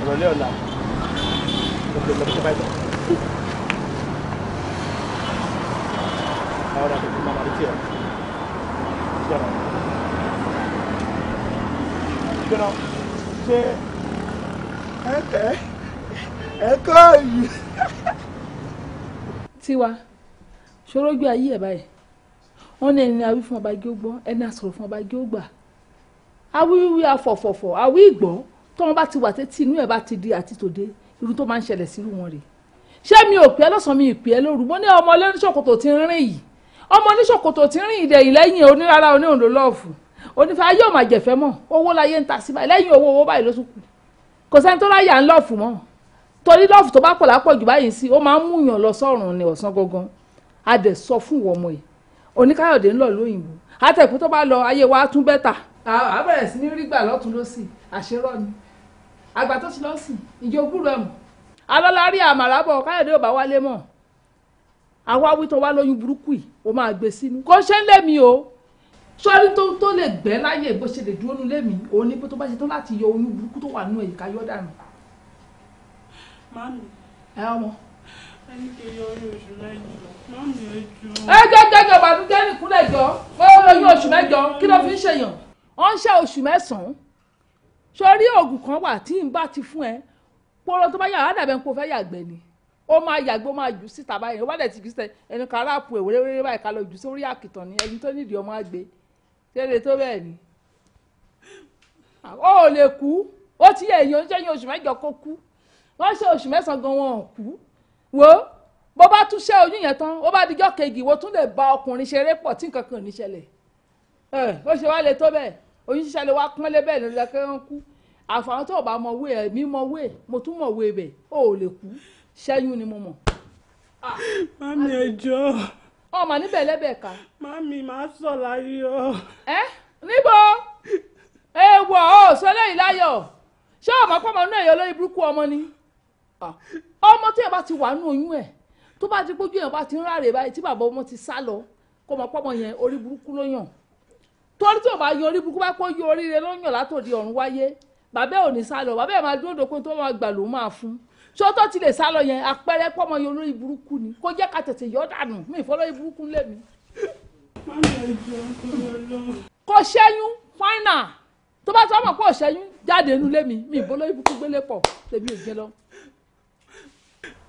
ìrọ̀lẹ́ ọ̀la ọ̀pẹ̀ lọ́pẹ̀ tó bá ahora que firma Mauricio. ¿Sí o no? ¿Sí o no? Ṣé Tiwa, ṣòro gbé ayé ẹ̀ báyìí. Wọ́n ní ẹni awí fún ọba gí ó gbọ́, ẹni asọ̀rọ̀ fún ọba gí ó gbà. Awíwí afọ̀fọ̀fọ̀, awí ìgbọ́ tó wọn bá ti wà tẹ́tí inú ẹ̀ bá ti di àti tòde irú tó máa ń ṣẹlẹ̀ sírú wọn rè ṣé mi ò pẹ́ lọ́sàn-án mi ì pẹ́ lóru mo ní ọmọ oníṣòkòtò tí ń rìn yìí ọmọ oníṣòkòtò tí ń rìn ìdẹ̀yìn lẹ́yìn onírára oníhòndó lọ́ọ̀fù onífẹ́ ayé òmà jẹ̀fẹ́ mọ̀ owó láyé ń ta sí báyìí lẹ́yìn owó owó báyìí ló tún kù kò sẹ́ni tó ráyà ń lọ́ọ̀fù mọ́ torí lọ́ọ̀fù tó bá pọ̀ lápọ̀ jù báyìí sí ó máa ń múyàn lọ sọ́run ní ọ̀sán gangan a dẹ̀ sọ fún ìwọ ọmọ yìí oníkáyọ̀dé ń lọ lóyìnbó àtẹ̀kù tó bá lọ ayé wa tún bẹ́tà àbẹ̀rẹ̀ sí ní rí gbà lọ́tún lọ́sì àṣerọ́ ni àgbà tó ti lọ sìn ìjọ ògúrò ẹ̀mù alọ́lá rí àmàlà bọ̀ káyọ̀dé ò bá wálé mọ̀ àwa wítọ̀ wá lóyún burúkú yìí ó máa gbé sínú kò ṣe ń lé mi o sọ́ọ́rí tó tó lè gbẹ́ láyè bó ṣe lè dúró nulẹ̀ mi òun ni pé tó bá ṣe tán láti yọ oyún burúkú tó wà nù ẹ̀ ká yọ dànù. mami. ẹ ọmọ. ẹni kì í yọ oyún oṣù mẹ́jọ mami ẹ jù. ẹ gẹ́gẹ́gẹ́ bàtúndé nìkúlẹ̀ jọ ó lóyún oṣù mẹ́jọ kí ló fi ń ṣèyàn ó ń ṣe oṣù mẹ́sàn-án sórí oògùn kan wà tí n bá ti fún ẹ pọ́nrọ́ tó bá yà á dàbẹ̀ kó fẹ́ yàgbẹ́ ni ó máa yàgbẹ́ ó máa jù síta báyìí ó bá dẹ̀ ti jù síta ẹnu kan aráàpù èwéréwéré báyìí ká lọ jù sórí àkìtàn ni ẹni tó nídìí ọmọ àgbè tẹ́lẹ̀ tó bẹ́ẹ̀ ni ó lè kú ó ti yẹ èyàn oúnjẹ yẹn oṣù mẹ́jọ kó kú wọ́n ṣe oṣù mẹ́sàn-án gan wọn kú wo bó bá tún ṣe oyún yẹn tán ó bá dijọ́ kejì wo tún lè ba ọkùnrin ṣeré pọ̀ tí nǹkan kan ò ní ṣẹlẹ̀ ẹ ó ṣe wá le tó bẹ́ẹ̀ oyún ṣíṣẹ́ ló wá pọ́nlé bẹ́ẹ̀ ló lọ kẹ́rán kú àfàwọn tó bá mọ̀wé ẹ̀ mí mọ̀wé mo tún mọ̀wé bẹ̀ ó lè kú ṣẹ́yún ni mo mọ̀. mami ẹjọ́. ọmọ níbẹ̀ lẹ́bẹ̀ ká. mami màá sọ láyọ̀. ẹ níbo èèwọ̀ ò sọ lẹ́yìn láyọ̀ ṣé ọmọ pọ́nmọ náà yọ lórí burúkú ọmọ ni ah. ọmọ tí yẹn bá ti wà nù oyún ẹ̀ tó bá ti gbójú yẹn bá ti ń ráre báyìí tí bàbá ọmọ ti sá lọ kó ọmọ pọ́nmọ yẹn orí burúkú ló yàn torí tí o bá yan orí burúkú bá kó yan oríire lọ́yàn látòdì ọ̀run wáyé bàbá ò ní sálọ bàbá ẹ̀ máa dúró dòpin tó máa gbà ló máa fún ṣé tó ti lè sálọ yẹn àpẹẹrẹ pọ́mọ yan olórí burúkú ni kó jẹ́ ká tètè yọ dànù mí ìfọlọ́rí burúkú lé mi. kò ṣẹ́yún fáínà tó bá tó mọ̀ pé ṣẹ́yún jáde nulé mi mi ìfọlọ́rí burúkú gbélé pọ̀ tèmi ò jẹ lọ.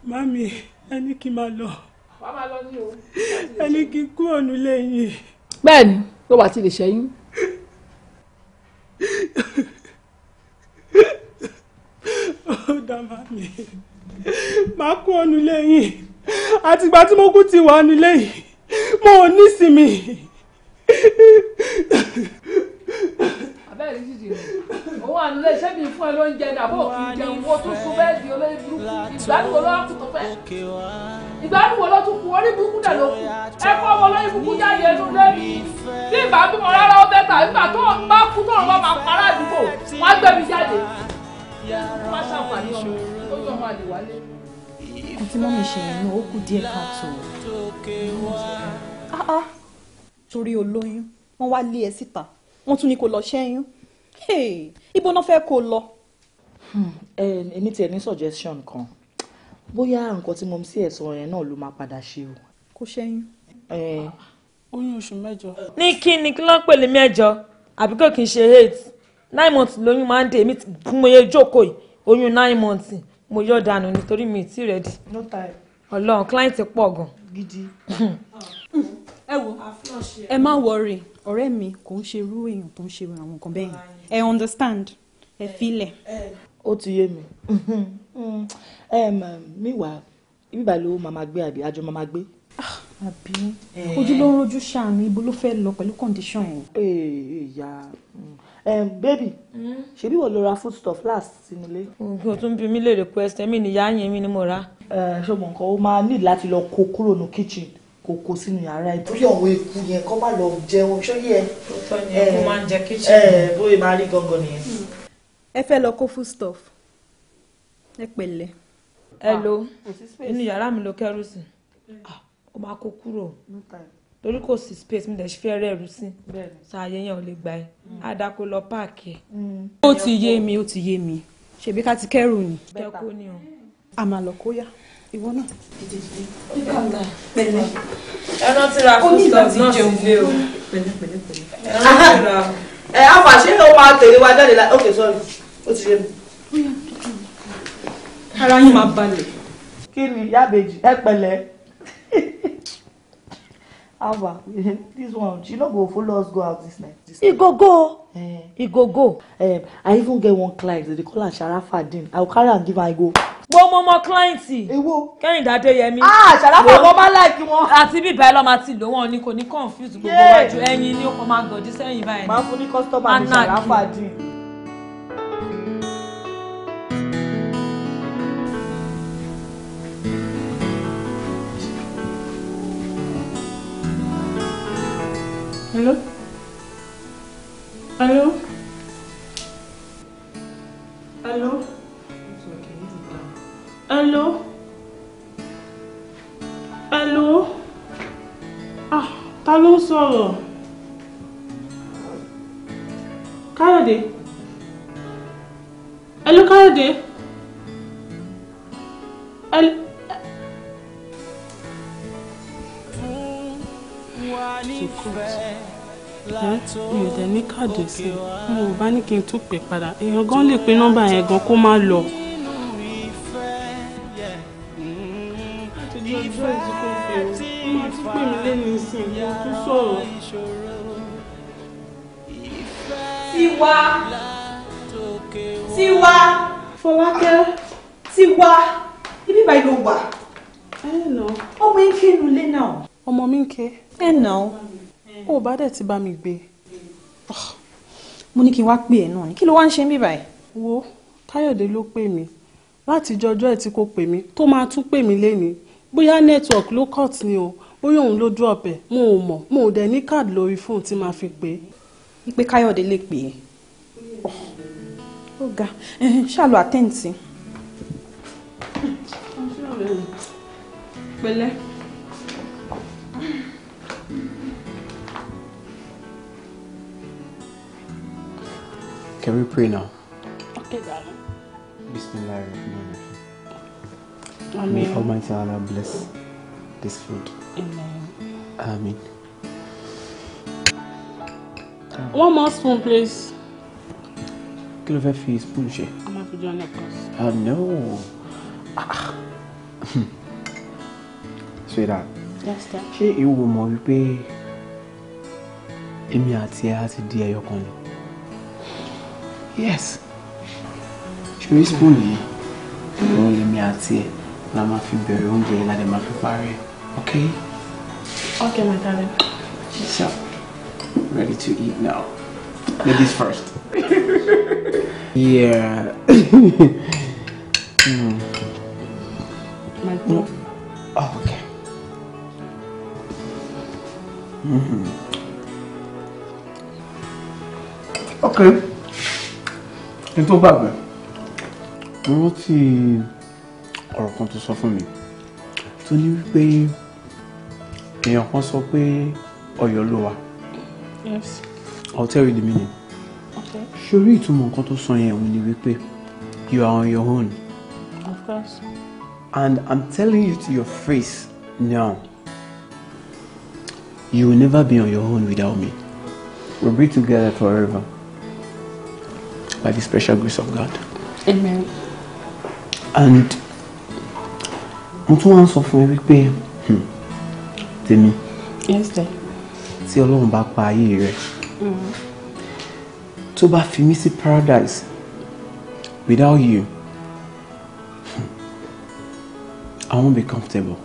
mami ẹni kí n máa lọ ẹni kí n kú ònú lẹ́yìn. bẹ́ẹ̀ni tó bá ti lè ṣẹ́yún. ó dá màmí màá kú ọ̀nù lẹ́yìn àtìgbà tí mo kú ti wà ọ̀nù lẹ́yìn mo ò ní ìsinmi. abẹ́rẹ́ yìí ti òun ànulẹ iṣẹ́ mi fún ẹ ló ń jẹ dàbọ òfin jẹun wo tún sun bẹ́ẹ̀ di olóyè burúkú ìgbàlùwò ló kù fẹ́ ìgbàlùwò ló tún kù orí burúkú dẹ ló kù ẹ kọ ọmọ olóyè burúkú jáde ẹnu lẹbi tí ìgbà bímọ rárá ó bẹta ìgbà tó ń bá kú tó ń bá máa para àdúgbò wọn á gbẹbi jáde wọn tí mọ́mí ṣe yẹn náà ó kù díẹ̀ káàtó ah, ah. torí olóyún wọ́n wá lé ẹ síta wọ́n tún ní kó lọ ṣẹ́yún ibo náà fẹ́ kó lọ. Hmm, èmi tiẹ̀ ní suggestion kan bóyá nǹkan tí mo ń sí ẹ̀sọ́ yẹn náà ló máa padà ṣe o. kò ṣẹ́yìn. oyún oṣù mẹ́jọ. ní kí ni kí ló pè lé mẹ́jọ àbí kò kì í ṣe eight nine months lóyún máa ń dé èmi mo yẹ jókòó oyún nine months mo yọ̀ dànù nítorí mi ì tí no time. ọlọ́run client pọ̀ gan. gidi. Hmm. ẹ wo ẹ má wọrí ọ̀rẹ́ mi kò ń ṣe irú èèyàn tó ń ṣe àwọn nǹkan bẹ́ẹ̀ ẹ understand ẹ filẹ̀. ó ti yé mi miwa bíbá ló máa máa gbé àbí àjọ máa máa gbé. Ah, àbí eh. ojú ló ń rojú ṣàánú ibo ló fẹ́ lọ pẹ̀lú condition yẹn. Eh, ìyá Baby, hmm? ṣebí wo ló ra food stuff last sínú ilé. o tún bí mi lè request ẹ̀mí nìyá yẹn mi ni mo ra. Eh, ṣùgbọ́n nǹkan ó máa ní láti lọ kó kúrò ní kitchen kókó sínú yàrá ẹ torí àwọn eku yẹn kó má lọ jẹun sóyè ẹ. tó tọ́ ni ẹkú máa ń jẹ kíchìn. ẹ bóyá máa rí gangan nìyẹn. ẹ fẹ́ lọ kó foodstuff ẹ pẹ̀lẹ́ ẹ ah, lo inú yàrá mi ló kẹ́rù sí ah, ó máa kó kúrò torí kò sí space mi lè ṣe fẹ́ rẹ́ẹ̀rù sí ṣàyẹ yẹn ò lè gbà ẹ́ àdàkọ mm. lọ páàkì ẹ̀. Mm. ó ti yé mi ó ti yé mi ṣèbí ká ti kẹ́rù ni. bẹ́ẹ̀ ni o. àmàlọ́ ìwọ náà. pẹ̀lẹ́ ẹ rántí ra foodstuff náà sílé o pẹ̀lẹ́ pẹ̀lẹ́ pẹ̀lẹ́ ẹ rántí ra. ẹ afa ṣé o máa tẹ̀lé wa jáde la ok sorry ó ti yé mi. ara yín máa balẹ̀. kí ni yábejì ẹ pẹ̀lẹ́. Alva, this one, she not go follow us go out this night. This night. He go go. Eh. He go go. Um, I even get one client, they call her Sharafadin. I will carry and give her, I go wo mo mọ client. ewo kẹ́hìndé adéyẹmí. ah ṣàlàfà wọn bá láìkí wọn. àti bí ìbá ẹ lọ́ọ́ máa ti lò wọ́n ni kò ní confuse gbogbo wájú ẹyin ni ó máa gọ̀jú sẹ́yìn báyìí. máa fún ní kọ́sítọ́mà ní ṣàlàfà dín. Hello? Hello? sọ̀rọ̀ Káyọ̀dé hello Káyọ̀dé hello. mi ò dẹ̀ ní káàdì sí i mo ò bá ní kí n tún pè padà èèyàn gan lè pe nọ́mbà yẹn gan kó má lọ. sìn kó tún sọ̀rọ̀. Tiwa Tiwa Fọlákẹ́ Tiwa ibi báyìí ló wà. ọmọ yín ké nu ilé náà. ọmọ mi ń ké. ẹ nà ó ò bá dẹ̀ ti bá mi gbé. Ah. mo ní kí n wá pè ẹ́ náà ni kí ló wá ń ṣe ń bí báyìí. wo Káyọ̀dé ló pè mí láti jọjọ́ ẹ̀ tí kò pè mí tó máa tún pè mí lénìí bóyá network ló cut ni o bóyá òun ló drop ẹ̀ mo ò mọ̀ mo ò dẹ̀ ní káàdì lórí fóun tí màá fi pè é. ìpè káyọ̀dé lè pè é ó ga ṣàlù àtẹ̀ǹtì. pẹ̀lẹ́. Can we pray now? Okay, darling. Bismillahirrahmanirrahim. May Almighty Allah bless this food. Amen. One more spoon, please. Kí ló fẹ́ fi spoon ṣe? I'm máa fi jẹun lẹ́kọ̀ọ́. Ah no. Ah. that. Yes, dear. She, you will more èmi àti ẹ á ti di ẹyọ kan ni? Yes. Ṣé spoon yìí? Ìwọ èmi àti ẹ la máa fi bẹ̀rẹ̀ oúnjẹ yìí la dẹ̀ máa fi parí ẹ̀. Okay? Okay, my darling. So, ready to eat now. Ladies first. yeah. mm. My throat. Oh, okay. Mm -hmm. Okay. Ẹni tó gbàgbé, mo rántí ọ̀rọ̀ kan tó sọ fún mi tó ní wípé èèyàn kan sọ pé Ọ̀yọ́ ló wà. Yes. I'll tell you the meaning. Okay. Ṣorí ìtumọ̀ nǹkan tó sọ yẹn òun ni wípé you are on your own. Of course. And I'm telling you to your face now, you will never be on your own without me. We'll be together forever by the special grace of God. Amen. And mo tún wá ń sọ fún ẹ wípé tèmi tí ọlọ́run bá pa ayé rẹ mm-hmm. tó bá fi mí sí paradise without you I won't be comfortable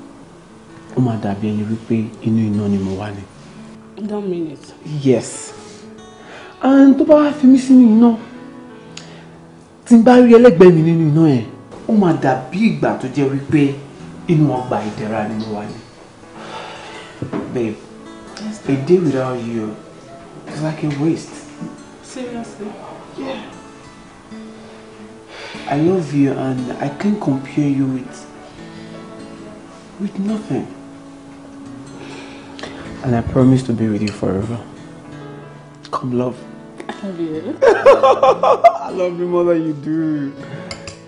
ó máa dàbí ẹni wípé inú iná ni mo wà ní. don't mean it. yes and tó bá wá fi mí sínú iná tí n bá rí ẹlẹgbẹ́ mi nínú iná yẹn ó máa dàbí ìgbà tó jẹ́ wípé inú ọgbà ìdẹ̀ra ni mo wà ní. babe. a day without you is like a waste. Seriously? Yeah. I love you and I can't compare you with with nothing. And I promise to be with you forever. Come love. I love you. I love you more than you do.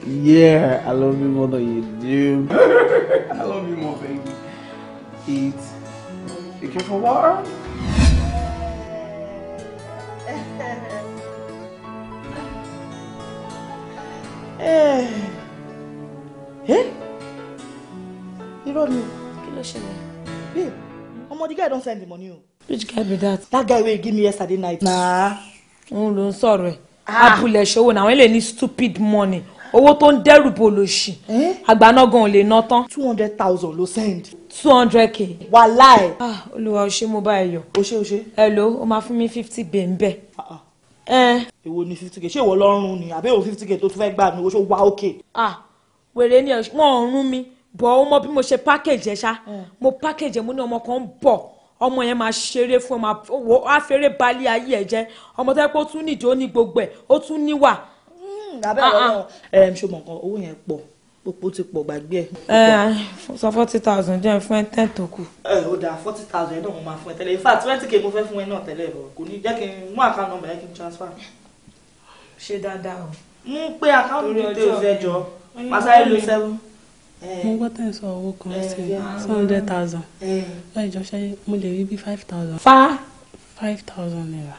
Yeah, I love you more than you do. I love you more, baby. It's Looking for water? Hey. Hey? Irọ́ ni. Kí ló ṣẹlẹ̀? Babe, ọmọ the guy don't send the money o. Which guy be that? That guy wey give me yesterday night. Nah. òun ló ń I pull a show now. I eléyìí ní stupid money owó tó ń dẹ́rù bo lòṣì eh? àgbànágan ò lè ná tán. two hundred thousand ló send. two hundred k. wàláì. ah olùwà ọ̀ṣẹ́ mo bá ẹ yọ. o ṣe o ṣe. hello o máa fún mi fifty bẹ́ẹ̀ bẹ́ẹ̀. Ah, ah. eh. èwo ni fifty k ṣé ìwọ lọ́rùn ni àbẹ́ òun fifty k tó tún fẹ́ gbà mí o ṣe wá òkè. ah wèrè ni wọn ò rún mi bọ̀ ó mọ bí mo ṣe package ẹ̀ ṣá eh. mo package ẹ̀ mo ní ọmọ kan ń bọ̀ ọmọ yẹn máa ṣeré fún ẹ máa wọ á fẹ́rẹ̀ balẹ̀ ayé ẹ̀ jẹ́ ọmọ tó pé ó tún nídìí ó ní gbogbo ẹ̀ ó tún níwà Hmm, abẹ́ ah, ah. ọlọ́run ẹ̀ẹ́m ṣe mọ̀ nǹkan owó yẹn pọ̀ òpó ti pọ̀ gbàgbé ẹ̀. sọ forty thousand jẹ́ fún ẹ ten tó kù. ẹ ò dáa forty thousand ẹ náà mo máa fún ẹ tẹ́lẹ̀ in fact twenty k mo fẹ́ fún ẹ náà tẹ́lẹ̀ bọ̀ kò ní jẹ́ kí n mú àkáǹtì nọ́mbà yẹn kí n transfer. ṣe dáadáa o. mú pé àkáǹtì mi tó fẹ́ jọ pàṣẹ ló sẹ́wọ́. mo gbọ́ tẹ̀ sọ owó kan sí seven hundred thousand lọ́yìn jọ ṣe mo lè rí bí five thousand. fa five thousand naira.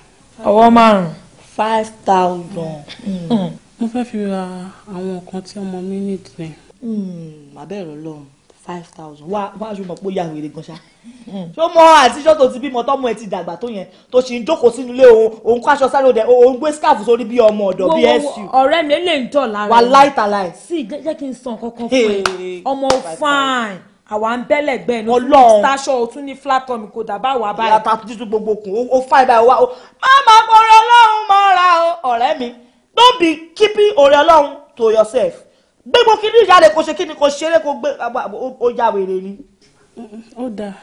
ọwọ́ márùn-ún. five thousand. Hmm mo fẹ́ fi ra àwọn nǹkan tí ọmọ mi need ni. Hmm, àbẹ̀rẹ̀ ọlọ́run five thousand wá wá aṣọ mọ̀ pé ó yà wèrè gan ṣá hmm. ṣó mọ àtijọ́ tó ti bímọ tọ́mọ ẹ ti dàgbà tó yẹn tó sì ń jókòó sínú ilé òun òun kó aṣọ sáré òde òun gbé scarf sórí bí ọmọ ọ̀dọ̀ bí su. ọ̀rẹ́ mi lè ń tọ̀ lára wa light, láì. sì jẹ́ kí n san kankan fún ẹ ọmọ fine àwa ń bẹ́lẹ̀ gbẹ́ ẹ̀ ní ojú ìtaṣọ òtún ní flatọ́ọ̀mù kò dà bá wà báyìí. ìyàtọ̀ àtúntò gbogbo kùn ó fà ìbáyìí wá ó má má kọ́ra ọlọ́run mọ́ra ọ̀rẹ́ mi don't be keeping oore ọlọ́run to yourself gbégbó kí ni ìyá rẹ̀ kò ṣe kí ni kò ṣeré kò gbé ó ya wèrè ni. ó dáa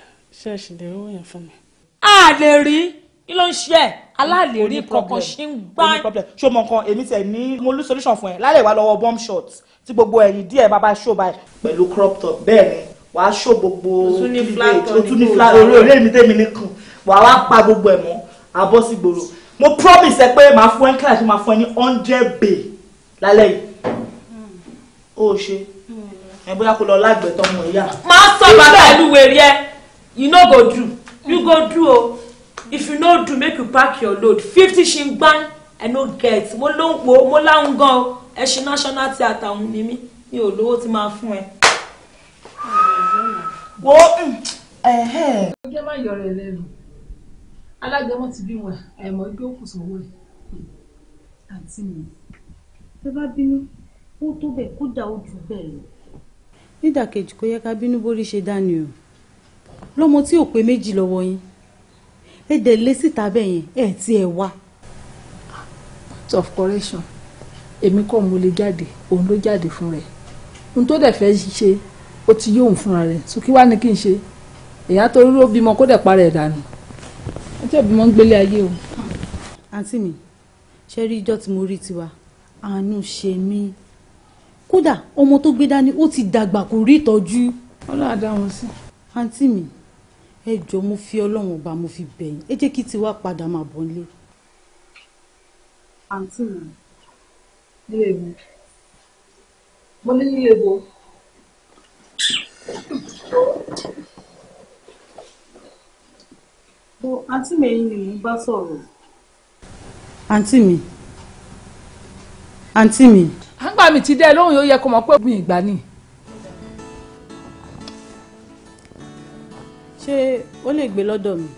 ṣẹ́ẹ̀ṣì lè owó yẹn fún mi. a lè rí kí ló ń ṣe ẹ aláàlérí kankan ṣe ń gbá. ṣé o mọ nǹkan èmi tẹ ní mo lú solution fún ẹ lálẹ́ ìwà lọ́wọ́ bomb shot tí gbogbo ẹ̀yìn díẹ̀ bàbá ṣó báyìí. pẹ̀lú crop top bẹ́ẹ̀ ni wàá ṣó gbogbo ilé tó tún ní flat orí orí èmi tẹ́mi nìkan wàá wá pa gbogbo ẹ̀ mọ́ àbọ̀ sí gbòòrò mo promise ẹ pé màá fún ẹ class màá fún ẹ ní hundred bay lálẹ́ yìí ó hmm. ṣe ẹ bóyá kó lọ lágbẹ̀tọ́ ọmọ ìyá. máa sọ bàbá ìlú wèrè you no go do you go do o if you no do make you pack your load fifty ṣingban i no get mo ló ń po mo láwọn gan o ẹ ṣe national theatre òun ni mí mi ò lówó tí máa fún ẹ. wo hmm, ẹ̀hẹ́n. ọjọ́ máa yọrọ ẹ lẹ́nu alágẹmọ ti bí wọn àìmọ̀ pé ó kù sọ́wọ́ ẹ àǹtí mi tẹ́ bá bínú ó tó bẹ́ẹ̀ kó dà ó jù bẹ́ẹ̀ lọ. nídàkejì kò yẹ ká bínú bórí ṣe dání o lọ́mọ tí ò pé méjì lọ́wọ́ yín ẹ dẹ̀ lé síta bẹ́ẹ̀ yẹn ẹ ti ẹ̀ wá. act of correction èmi kọ́ mo lè jáde òun ló jáde fún rẹ̀ n tó dẹ̀ fẹ́ ṣe ó ti yóò fúnra rẹ̀ so kí wàá ní kí n ṣe èyí á torí ló bímọ kó dẹ̀ para ẹ̀ dànù àti òbí mọ́ ń gbélé ayé o. àǹtí mi ṣe rí ijọ́ tí mo rí tiwa àánú ṣe mí kódà ọmọ tó gbé dání ó ti dàgbà kò rí ìtọ́jú. ọlọ́run á dá wọn sí. àǹtí mi ẹ jọ̀ọ́ mo fi ọlọ́run ọba mo fi bẹ̀yìn ẹ jẹ́ kí tiwa padà máa bọ̀ nílé. àǹtí mi nílé mi mo ní nílé bo. bó àǹtí mi ẹ̀yin ni mò ń bá sọ̀rọ̀. àǹtí mi àǹtí mi. àgbà mi ti dẹ́ lóhùn yóò yẹ kó mọ̀ pé mi ìgbà ni. ṣé ó lè gbé lọ́dọ̀ mi.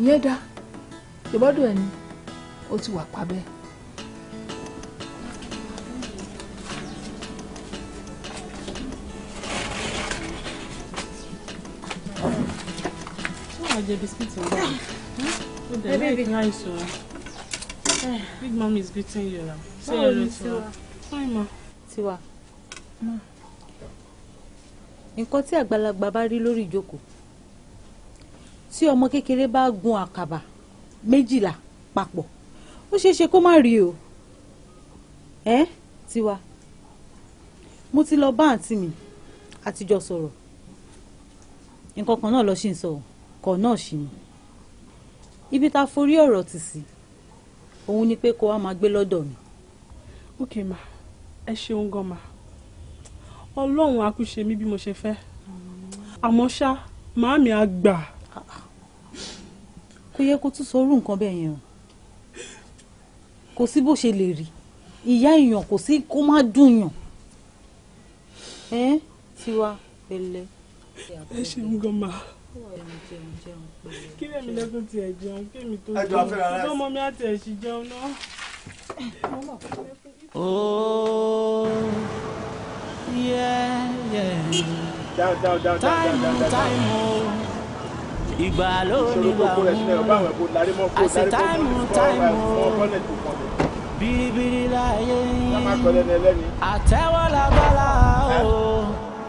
ìyẹn dáa ìbọ́dọ̀ ni, ó ti wà pa bẹ́ẹ̀. jẹ bisikíìtì wọn. ó dẹ̀ lẹ́yìn kí láì sọ. big mom is beating you now. ṣé ẹ lọ tiwa. fine ma. tiwa nǹkan tí àgbàlagbà bá rí lórí ìjókòó tí ọmọ kékeré bá gun àkàbà méjìlá papọ̀ ó ṣeé ṣe kó má rí o ẹ tiwa mo ti lọ bá àǹtí mi àtijọ́ sọ̀rọ̀ nǹkan kan náà lọ ṣì ń sọ kọ̀ náà ṣì ni ibi tá a forí ọ̀rọ̀ tì sí òun ni pé kó wá máa gbé lọ́dọ̀ mi. ok ma ẹ ṣeun gan ma ọlọ́run á kú ṣe bí mo ṣe fẹ́ àmọ́ ṣá màámi á gbà. kò yẹ kó tún sọ nǹkan bẹ́ẹ̀ yẹn o kò sí bó ṣe lè rí ìyá èèyàn kò sí kó má dùn yàn ẹ tiwa pẹ̀lẹ́. ẹ ṣeun gan ma kí lèmi lẹ́kùn tiẹ̀ jẹun kí èmi tó jẹun ọmọ mi àti ẹ̀sìn jẹun náà. Oh, yeah, yeah. time, time, oh. Ìgbà ló ní ìgbà mú. Àṣẹ táìmù táìmù o. Bìrìbìrì láyé. Àtẹ́wọ́ lágbára o. yẹ. I've got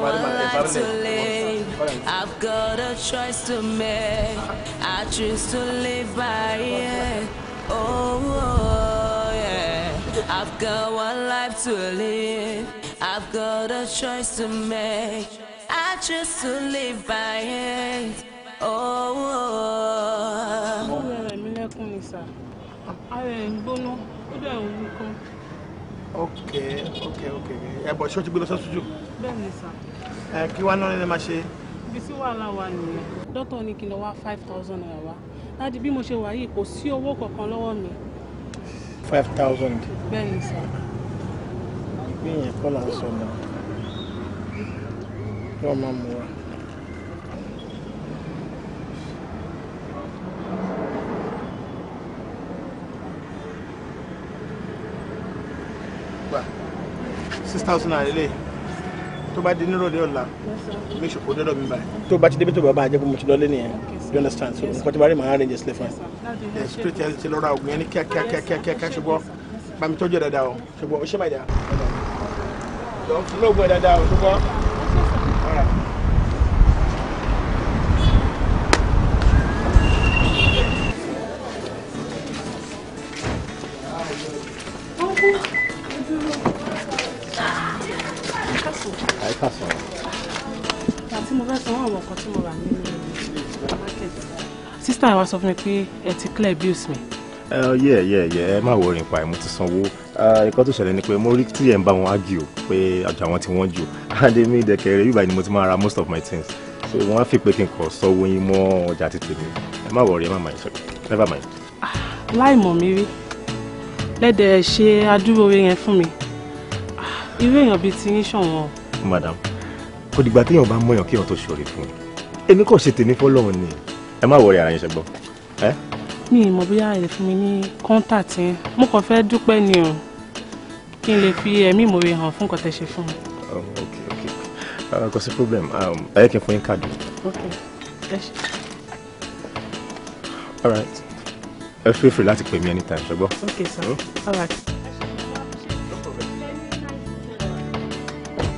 one life to live. I've got a choice to make. I choose to live by it. Oh, oh yeah. I've got one life to live. I've got a choice to make. I choose to live by it. owó. ó bẹ̀rẹ̀ mi lẹ́kùn ni sà ara ẹ̀ ń gbóná ó dẹ̀ ń wú kan. ok ok ṣé o ti gbé lọ sọ́sùjú. bẹ́ẹ̀ ni sà. ẹ kí wàá náà ní máa ṣe. ibi wàhálà wà nìyẹn dọ́tọ̀ ní kí n lọ wá five thousand naira wá láti bí mo ṣe wà yìí kò sí owó kankan lọ́wọ́ mi. five thousand. bẹ́ẹ̀ ni sà. bí ìyẹn kọ́ là sọ náà. yóò máa mú wa. thousand naira lè tó bá di nírọ̀lẹ́ ọ̀la mi ṣòkò dọ́dọ̀ mi báyìí. tó bá ti débi tó bá bá a jẹ́ pé mo ti lọ́lé nìyẹn you understand so nǹkan tí bá rí màá arrange sílẹ̀ fún ẹ. ẹ straight ẹ ti lọ́ra oògùn yẹn ní kíákíá kíákíá kíákíá ṣùgbọ́n bá mi tọ́jú ẹ dáadáa o ṣùgbọ́n o ṣe máa dà. lọ́ọ̀gùn ẹ dáadáa o ṣùgbọ́n. fẹ́ sanwó àwọn nǹkan tí mo rà nínú market sísá wa sọ fún mi pé ẹ ti clear bills mi. yẹ yẹ yẹ ẹ má wo orin pa ẹ mo ti sanwó nǹkan tó ṣẹlẹ̀ ni pé mo rí tí ẹ̀ ń bá wọn argue o pé ọjà wọn ti wọ́n jù adémi ìdẹ̀kẹ̀rẹ̀ yìí báyìí ni mo ti máa ra most of my things so wọ́n á fi pé kí n kàn sanwó yín mọ́ ọjà títì mi ẹ má wọrí ẹ má mind sorry never mind. Ah, láì mọ̀ mi rí lẹ́dẹ̀ẹ́ ṣe adúrò yẹn fún mi ah, irú èèyàn bíi ti yín ṣọ̀wọ́n. madam kò dìgbà téèyàn bá mọ̀yàn kéèyàn tó ṣòro fún un èmi kò ṣe tèmi fọlọ́run ni ẹ má wọrí ara yín ṣe gbọ́. mi ì mọ̀ bóyá ẹ fún mi ní kọ́ńtà tí mo kàn fẹ́ dúpẹ́ ni o kí n lè fi ẹ̀mí ìmòwe hàn fún nǹkan tẹ́ ṣe fún mi. Oh, ok ok ah, kò sí problem ah, ẹ yẹ kí fún yín káàdì. ok ẹ ṣe. all right ẹ feel free láti pè mí anytime ṣe gbọ́. ok sir hmm? all right.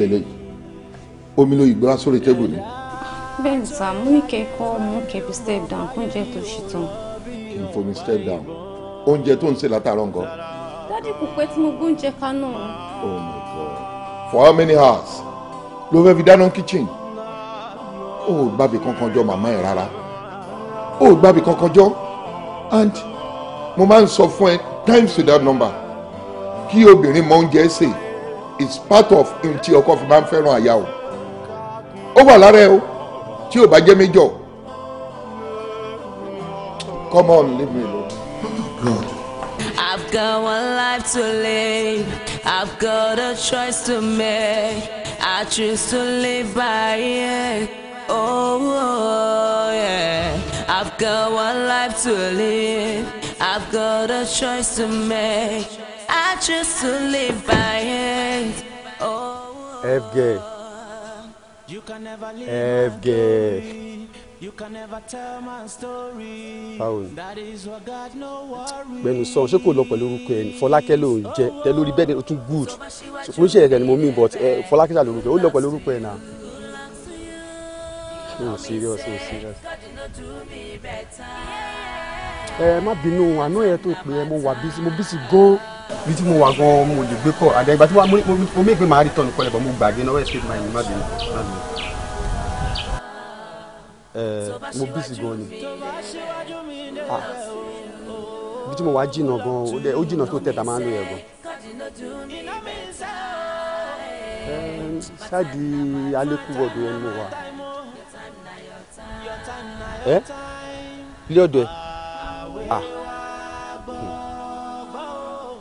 lélẹ̀ yìí omi ló ìgbà sórí tébù ni. bẹ́ẹ̀ sá mú ní kẹ́kọ́ mú kẹ́bi step down kó jẹ́ tó ṣe tán. kí n fomi step down oúnjẹ tó ń ṣe látàárọ̀ nǹkan. dádì kò pẹ́ tí mo gbóúnjẹ kaná. oh my god for how many hours ló fẹ́ fi dáná kitchen ó ò gbàbí kankan jọ màmá ẹ̀ rárá ó ò gbàbí kankan jọ and mo máa ń sọ fún ẹ times to that number kí obìnrin mọ oúnjẹ sè is part of n ọkọ fi máa ń fẹ́ràn àyà o ó wà lára ẹ o tí ò bá jẹ́ méjọ come on leave me alone. I've got one life to live. I've got a choice to make. I choose to live by it. Oh, oh yeah. I've got one life to live. I've got a choice to make. I choose to live by it. Oh, FG. You can never leave. FG. You can never tell my story. Báwo. That is what God no worry. Gbẹ̀nu sọ, ṣé kò lọ pẹ̀lú orúkọ ẹ̀ Fọlákẹ́ ló ń jẹ́ tẹ lórí bẹ́ẹ̀ o tún good. Mo ṣe ẹ̀rẹ̀ ni mo mean but eh, Fọlákẹ́ ṣà lórúkọ ẹ̀ ó lọ pẹ̀lú orúkọ ẹ̀ náà. Ṣé o serious o serious? Ẹ eh, má bínú àná ẹ̀ tó pè é mo wà bísí mo bísí gan-an bí tí mo wà gan mo lè gbé kọ àdá ìgbà tí mo mí pé màá rí tọ̀nù kọlẹ̀ bọ̀ mo gbàgbé náà wẹ́ẹ̀sì máa yìí má bínú má ẹ mo bí sí gan ni ah, bí tí mo wá jìnnà gan ó jìnnà tó tẹ̀ tá máa ń lo yẹ ṣáàdì alẹ́kùn wọ̀dù ẹni mo wà ilé ọ̀dọ̀ ẹ. Ah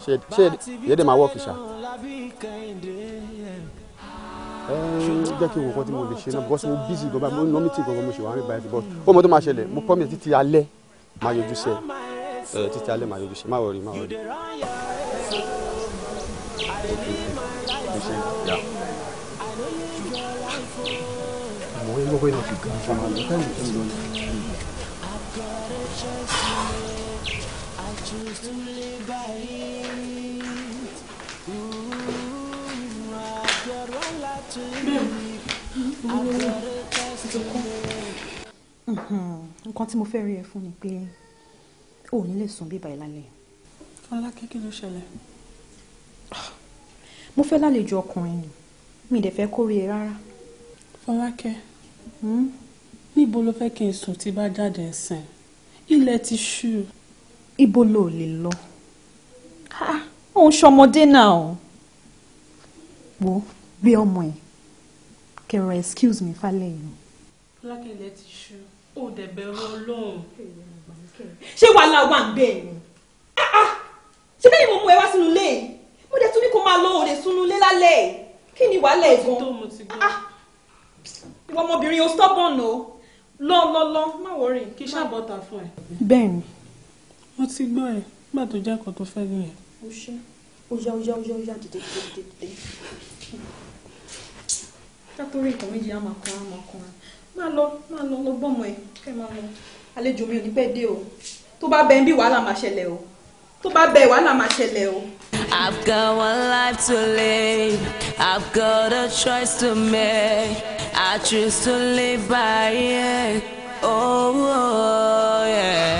ṣe ṣe yéde máa wọ́ọ̀kì ṣá. jẹ́ kí n wò kọ́ tí mo lè ṣe náà because mo busy gan báyìí mo nọ́ mítì gan mo ṣe wà ní báyìí but ó mọ tó máa ṣẹlẹ̀ mo promise títí alẹ́ máa yọjú sí ẹ títí alẹ́ máa yọjú sí má wọrí má wọrí. mo ń gbọ́ pé náà kì gan-an fún mi. Mm-hmm. nǹkan tí mo fẹ́ rí ẹ fún ni pé ò ní lè sùn bíbá ìlàlẹ̀. ọlákẹ́ kí ló ṣẹlẹ̀. mo fẹ́ lálejò ọkùnrin ni mi dẹ̀ fẹ́ kórè e rárá. ọlákẹ́ hmm? níbo ló fẹ́ kí n sùn tí bá jáde ẹ̀sìn ilẹ̀ ti ṣú. ibo lo ò lè lọ òun ṣọmọdé náà o wo gbé ọmọ yìí kẹrọ excuse me, falẹ̀ yìí. fúlákẹ́lẹ́ ti ṣú ó dẹ̀ bẹ̀rù ọlọ́run. ṣé wàhálà wà ń bẹ́ẹ̀ ni ah, ah. ṣé bẹ́ẹ̀ ni mo mú ẹ wá sínú ilé yìí mo dẹ̀ tún ní kó máa lọ òde sínú ilé lálẹ́ yìí kí ni wàhálà ẹ̀ gan. Ah, ìwọ ọmọbìnrin o stubborn o lọ lọ lọ má wọrí kí iṣẹ́ bọ́ta fún ẹ. bẹ́ẹ̀ni. mo ti gbọ́ ẹ nígbà tó jẹ́ ẹ̀kọ́ tó fẹ́ nìyẹn. ó ṣe ó yá ó yá ó yá dìde dìde dìde látòrí nǹkan méjì á máa kọ́ á máa kọ́ máa lọ máa lọ lọ gbọ́mọ ẹ kẹ́ máa lọ àlejò mi ò ní pẹ́ dé o tó bá bẹ ń bí wàhálà máa ṣẹlẹ̀ o tó bá bẹ wàhálà máa ṣẹlẹ̀ o. I've got one life to live. I've got a choice to make. I choose to live by it. Oh, oh yeah.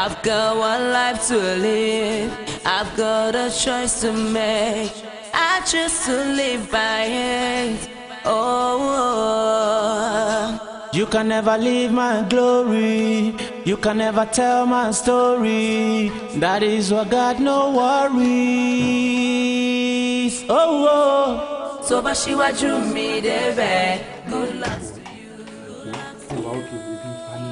I've got one life to live. I've got a choice to make. I choose to live by it. Oh, oh. You can never leave my glory. You can never tell my story. That is why God no worries. Oh, oh. tó bá ṣíwájú mi débẹ̀ good luck. kí o ebi ń pa ní ìṣòro ebi ń pa ní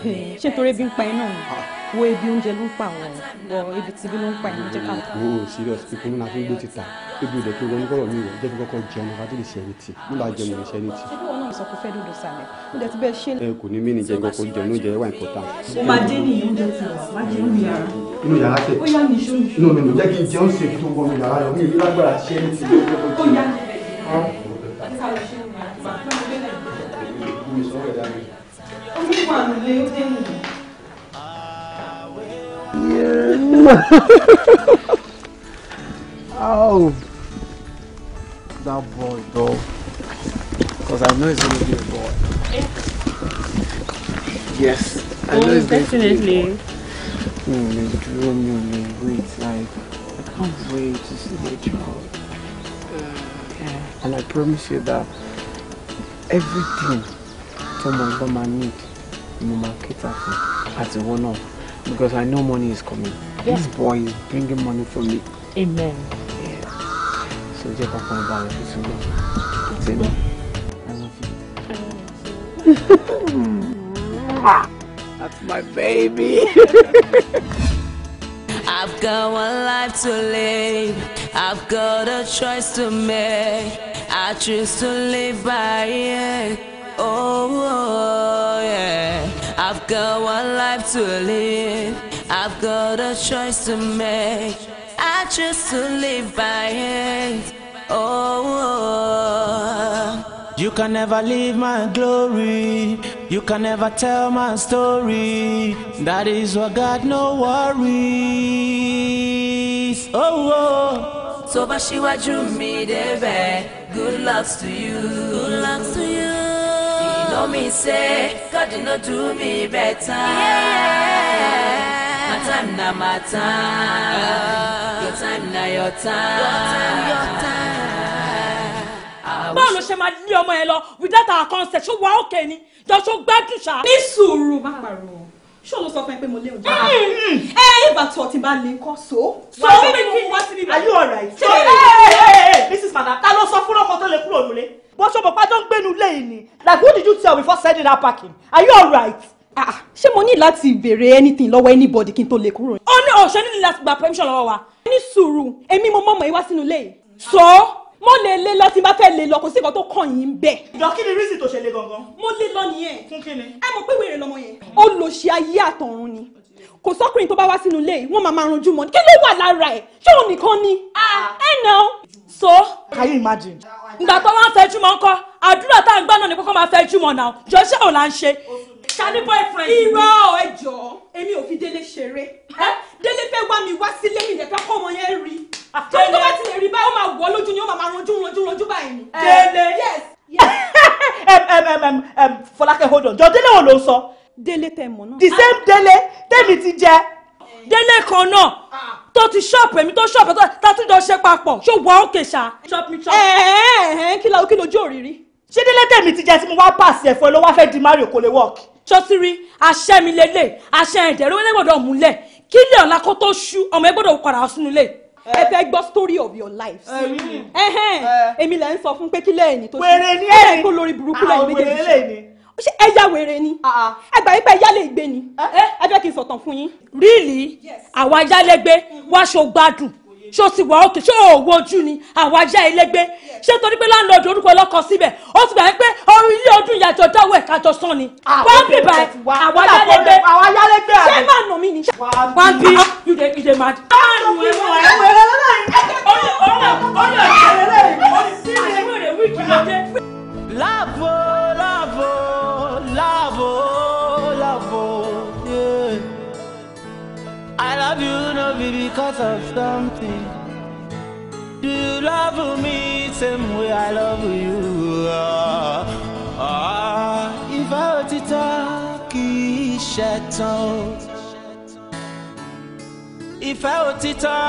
hmm, ṣé torí ebi ń pa iná ah. wo ebi oúnjẹ ló ń pa àwọn wọ ebi tibí ló ń pa ìyẹn jẹ ká. wo serious ikú ní láti ń gbé títà ebi òde tó wọnú kọrọ mi wọ jẹ kọ́kọ́ jẹun nípa tó lè ṣe ẹni tì nígbà jẹun lè ẹni tì. ṣé bí wọn náà sọ pé fẹ́ dòdò sàlẹ̀ ó dẹ̀ ti bẹ́ẹ̀ ṣe. ẹ kò ní mí ni jẹ kọ́kọ́ jẹun ló jẹ wà important. ó máa jẹ́ ní oúnjẹ ti wà má jẹ́ ní yàrá. n Yeah. oh, that boy though, because I know it's gonna be a boy. Yes, I know oh, it's definitely. Romeo, hmm, Romeo, wait, like I can't wait to see my child. And I promise you that everything someone gonna need mo máa cater fún àti ìwọ because I know money is coming. Yeah. This boy is bringing money for me. Amen. Yeah. So jẹ́ ká fún ọba rẹ̀ fi túbọ̀. Tèmi. I love you. That's my baby. I've got one life to live. I've got a choice to make. I choose to live by it. Oh, oh, yeah. I've got one life to live, I've got a choice to make. I choose to live by it, oh. oh. You can never leave my glory, you can never tell my story. That is what God no worries, oh. oh. tó bá ṣíwájú mi good luck to you. good luck to you. show me say God did not do me better. Yeah. My time na my time, your time na your time. Your time, your time. báwo máa lé ọmọ yẹn lọ without our consent ṣó wà òkè ni jọ ṣó gbádùn ṣá. ní sùúrù má pariwo ṣó ló sọ fún ẹ pé mo lé oúnjẹ. ẹ ìgbà tó ọtí bá lè kọ́ so. so wípé kí ni are you alright. so ẹ Mrs. madam ta ló sọ fún ọkọ tó lè kúrò nílé bó ṣe bọ̀pá tó ń gbénu lẹ́yìn ni like who did you tell before sending that packing are you alright. Ah, ah. ṣé mo ní láti béèrè anything lọ́wọ́ anybody kí n tó lè kúrò. ó oh, ní òṣè nílẹ̀ láti gba permission lọ́wọ́ wa. ní sùúrù èmi mo mọ̀mọ́ ìwá sínú lẹ́yìn. sọ mo lè lé lọ tí n bá fẹ́ lè lọ kò sí nǹkan tó kàn yín bẹ́ẹ̀. ìjọ kí ni rísì tó ṣe gangan. mo lè lọ nìyẹn. fún kí ni. ẹ mọ̀ pé wèrè lọmọ yẹn. ó lọ ṣe ayé àtọ̀run ni kò sọ́kùnrin tó bá wá sínú ilé yìí wọ́n máa máa ranjú mọ́ kí ló wà lára ẹ̀ ṣé òun nìkan ni. Ah. ẹ nà so. can you imagine. ìgbà tó wọ́n fẹ́ jùmọ̀ ńkọ́ àdúrà tá à ń gbà náà ni kókó máa fẹ́ jùmọ̀ náà jọ́ṣẹ́ ò là ń ṣe. ṣáni boyfriend. irọ́ ẹ jọ̀ọ́ èmi ò fi délé ṣeré délé fẹ́ wá mi wá sílé mi ìdẹ̀fẹ́ kọ́ ọmọ yẹn rí ah, torí tó bá ti lè rí báyìí ó máa wọ̀ lójú ni ó máa ranjú ranjú ranjú báyìí ni. Eh. délé yes. Fọlákẹ́ hold on jọ délé wo ló ń sọ. délé tẹ mọ náà. the same délé tẹ́mi ti jẹ délé kan náà ah. tó ti ṣọ́ọ̀pù èmi tó ṣọ́ọ̀pù tó tàtúndọ̀ ṣe papọ̀ ṣó wà ókè ṣá. ẹ̀ẹ́n kí lóò kí lójú òrìrí. ṣé délé tèmi ti jẹ́ tí mo wá pàṣẹ ẹ̀fọ́ ló wá fẹ́ di mario kò lè wọ́ọ̀kì. sọtiri àṣẹ mi lélẹ̀ àṣẹ ẹ̀jẹ̀ rẹ̀ gbọ́dọ̀ múlẹ̀ kí ilé ọ̀la kó tó ṣú ọmọ ẹ gbọ́dọ̀ padà sínú ilé ẹ fẹ́ gbọ́ story of your life. èmi lẹ́ ń sọ fún pé kí lẹ́yìn tó ṣe é kó lórí burúkú lẹ́yìn méjèèjì ṣé ẹ ya wèrè ni ẹ gbà wípé ẹyá lè gbé ni ẹ jẹ́ kí n sọ̀tàn fún yín. ríìlì àwọn ayálégbé wá ṣó gbádùn ṣó sì wà òkè ṣó òwò ojú ni àwọn ajá ẹlẹgbẹ ṣé torí pé láńlọọdù orúkọ ọlọkọ síbẹ̀ ó sì gbà pé ọrùn ilé ọdún ìyàjọ dáwọ ẹka jọ sàn ni. wọn bí bá àwọn ayálégbé àwọn ṣé máa nà mí ni. wọn bí you dey you dey mad. How do you love me because of something? Do you love me same way I love you? Ah, ah, ìfẹ́ òtítọ́ kì í ṣẹ̀tàn o. Ìfẹ́ òtítọ́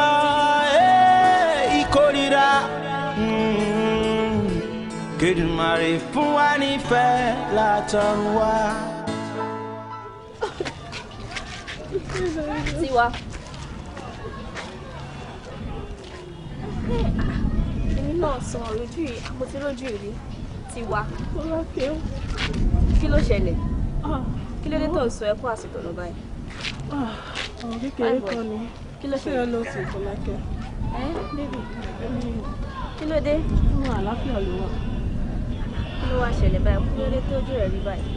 ìkórira. Kèdùmarè fún wa nífẹ̀ẹ́ látọ̀run wá. Tiwa. Ah, èmi náà sọ lójú yìí mo ti lójú ìrí ti wá kí ló ṣẹlẹ̀ kí ló dé tó ń sọ ẹkún àsìkò lọ báyìí. ọ̀rọ̀ kékeré kan ni kí ló ṣẹlẹ̀ lọ sí ìfọlákẹ́. kí ló dé. wọn àlàáfíà ló wà. kí ló wá ṣẹlẹ̀ báyìí kí ló dé tójú rẹ̀ rí báyìí.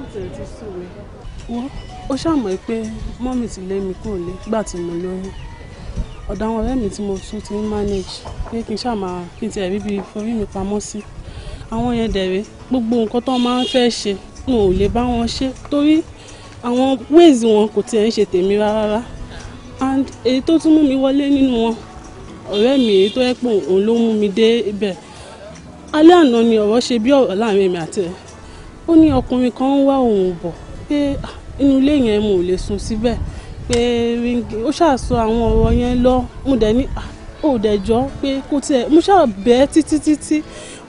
ó tẹ̀lé ti sú mi. wọ́n ó ṣàmọ̀ pé mọ́mì ti lé mi kúrò lé gbà tí mo lóyún ọ̀dọ̀ àwọn ọ̀rẹ́ mi tí mo tún ti ń manage pé kí n ṣáà máa kí n tiẹ̀ rí bí forí mi pamọ́ sí àwọn yẹn dẹ̀rẹ́ gbogbo nǹkan tó máa ń fẹ́ ṣe n ò lè bá wọn ṣe torí àwọn ways wọn kò tiẹ̀ ń ṣe tèmi rárá and èyí tó tún mú mi wọlé nínú wọn ọ̀rẹ́ mi èyí tó yẹ pé òun ló mú mi dé ibẹ̀ alẹ́ àná ni ọ̀rọ̀ ṣe bí ọ̀rọ̀ láàrin èmi àti ẹ̀ ó ní ọkùnrin kan ń wá òun bọ̀ pé ah, inú ilé yẹn mo ò lè sùn síbẹ̀ pé ríngì ó ṣàṣọ àwọn ọ̀rọ̀ yẹn lọ mo dẹ̀ ní ah, ó dẹ̀ jọ pé kó tiẹ̀ mo ṣáà bẹ́ẹ̀ títí títí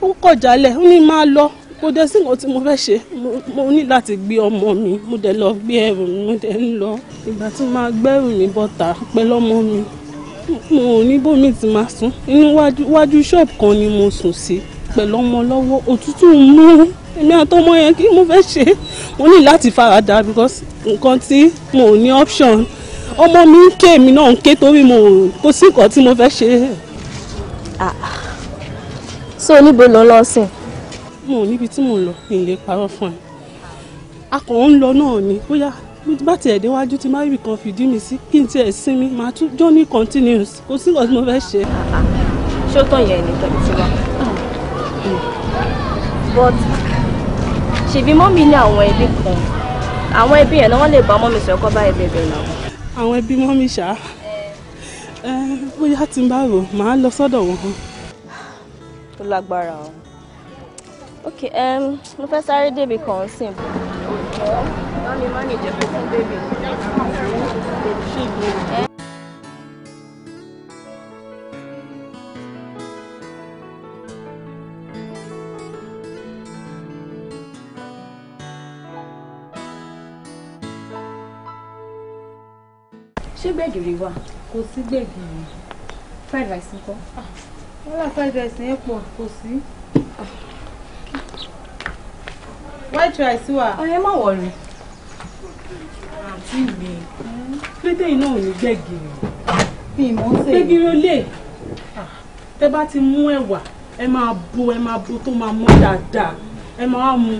ó kọ̀ jálẹ̀ ó ní máa lọ kò dẹ̀ sí nǹkan tí mo fẹ́ ṣe mo ní láti gbé ọmọ mi mo dẹ̀ lọ gbé ẹrù mi mo dẹ̀ ń lọ ìgbà tí máa gbẹ́rù mi bọ́ta pẹ̀lú ọmọ mi mo ò ní bómi tí máa sùn inú wájú ṣọ́ọ̀bù kan ni mo sùn sí. Si pẹ̀lú ọmọ lọ́wọ́ òtútù ń mú èmi àtọmọ yẹn kí mo fẹ́ ṣe mo ní láti faradà because nǹkan tí mo ò ní option ọmọ mi ń ké èmi náà ń ké torí mo kò sí nǹkan tí mo fẹ́ ṣe. Ah. so níbo ló ń lọ sìn. mo ò níbi tí mo lọ kí n lè parọ́ fún ẹ akọ̀ ń lọ náà ni bóyá bá tiẹ̀ déwájú tí máyì kan fìdí mi sí kí n tiẹ̀ sinmi màá tún journey continues kò sí nǹkan tí mo fẹ́ ṣe. Ah, ah. ṣé ó tàn yẹn ní tẹ̀lé tiwa but ṣèbí mọ́mí ní àwọn ẹbí kan àwọn ẹbí yẹn náà wọ́n lè bá mọ́mí sọ ọkọ báyìí bẹ̀bẹ̀ náà. àwọn ẹbí mọ́mí ṣá bóyá tí n bá rò màá lọ sọ́dọ̀ wọn. ó lágbára o ok mo fẹ́ sáré débi kan sí i. ọ̀gá mami má nìjẹ́ fún bébì. ṣé ṣé gbẹ̀gìrì wà. kò sí gbẹ̀gìrì fried rice ńkọ́. Ah, wọ́n là fried rice yẹn pọ̀ kò sí. white rice wà. ẹ má wọrí. àǹtí mi pété iná ò ní gbẹ̀gìrì. mi ìmọ̀ ń sè é. gbẹ̀gìrì ó lè ah, tẹ bá ti mú ẹ̀wà ẹ máa bò ẹ máa bò tó máa mọ́ dáadáa ẹ máa mú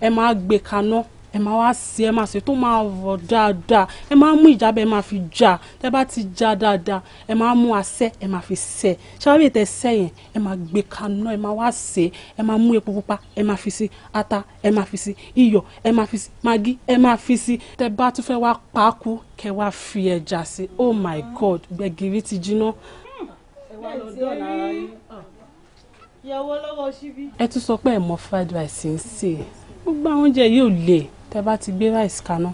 ẹ máa gbé kaná ẹ máa wá sí ẹ máa ṣe tó máa wọ̀ dáadáa ẹ máa mú ìjábẹ́ ẹ máa fi já tẹ bá ti já dáadáa ẹ máa mú asẹ́ ẹ máa fi sẹ́ ṣáàbì tẹ sẹ́ yẹn ẹ máa gbé kaná ẹ máa wá sè ẹ máa mú epo pupa ẹ máa fi sí ata ẹ máa fi sí iyọ̀ ẹ máa fi sí magi ẹ máa fi sí tẹ bá tún fẹ́ wá paaku kẹ wá fi ẹja sí oh my god gbẹ̀gìrì ti jiná. ẹ wá sọ pé ẹ mọ fried rice ń sè gbogbo àwọn oúnjẹ yìí ò le tẹ́ bá ti gbé rice kaná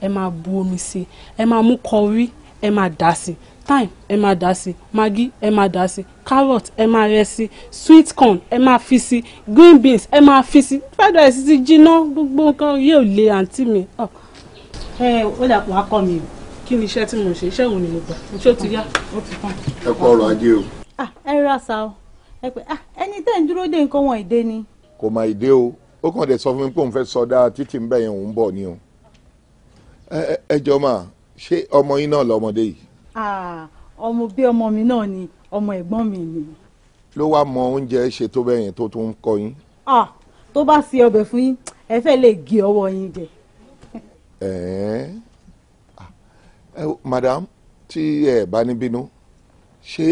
ẹ máa bu omi sí i ẹ máa mú kọrí ẹ máa dà sí i thyme ẹ máa dà sí i maggi ẹ máa dà sí i carrot ẹ máa rẹ sí i sweet corn ẹ máa fi sí i green beans ẹ máa fi sí i fried rice ti jiná gbogbo nǹkan yóò le àǹtí mi. ẹ ó dàpọ̀ akọ mi o kí ni iṣẹ́ tí mo ṣe iṣẹ́ wo ni mo gbà ṣé ó ti yá ó ti tán. ẹ kọ ọrọ̀ ajé o. Ah, ẹ rà sá o ẹ pé ah, ẹni tẹ́ ń dúró dé nǹkan wọn ìdè ni. kò mà ìdè o ó kàn dé sọ fún mi pé òun fẹ́ sọdá títí ń bẹ̀ yẹn òun bọ̀ ni o ẹ jọ mà ṣé ọmọ yín náà lọmọdé yìí. ọmọ bí ọmọ mi náà ni ọmọ ẹ̀gbọ́n mi ni. ló wá mọ oúnjẹ ṣe tó bẹ́ẹ̀ yẹn tó tún kọ yín. tó bá fi ọbẹ̀ fún yín ẹ fẹ́ lè gé ọwọ́ yín jẹ. madam tí ẹ bá ní bínú ṣé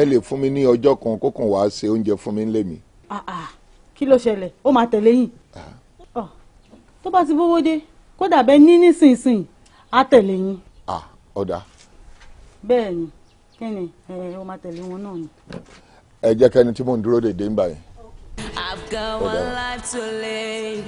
ẹ lè fún mi ní ọjọ́ kan kó wá ṣe oúnjẹ fún mi ń lè mí. Ah, ah kí ló ṣẹlẹ̀ ó máa tẹ̀lé yìí ah. tó bá ti bówó dé kódà bẹ́ẹ̀ ní nísinsìnyí á tẹ̀lé yín. ọ̀dà. Ah, bẹ́ẹ̀ ni kí ni ó máa tẹ̀lé wọn náà ni. ẹ jẹ́ kẹ́ni tí mò ń dúró dèdè ń bá yẹn. I've got one life to live.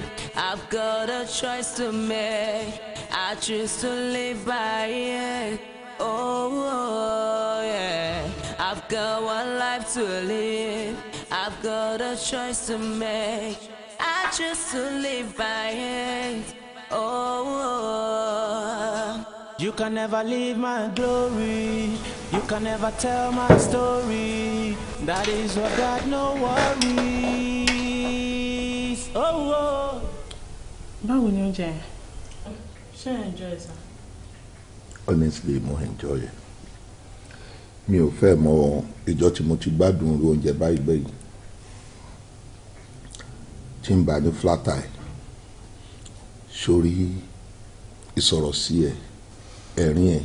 I've got a choice to make. I choose to live by it. Oh, oh yeah. I've got one life to live. I've got a choice to make. I choose to live by it. Oh, oh, you can never leave my glory. You can never tell my story. That is what God no worries. Oh, oh. báwo ni oúnjẹ ṣé ẹ enjoy sir honestly mo enjoy ẹ̀ mi ò fẹ́ mọ ìjọ tí mo ti gbádùn irú oúnjẹ báyìí gbẹ̀yìn tí ń bá ní flatai sórí ìsọ̀rọ̀ sí ẹ̀ ẹ̀rín ẹ̀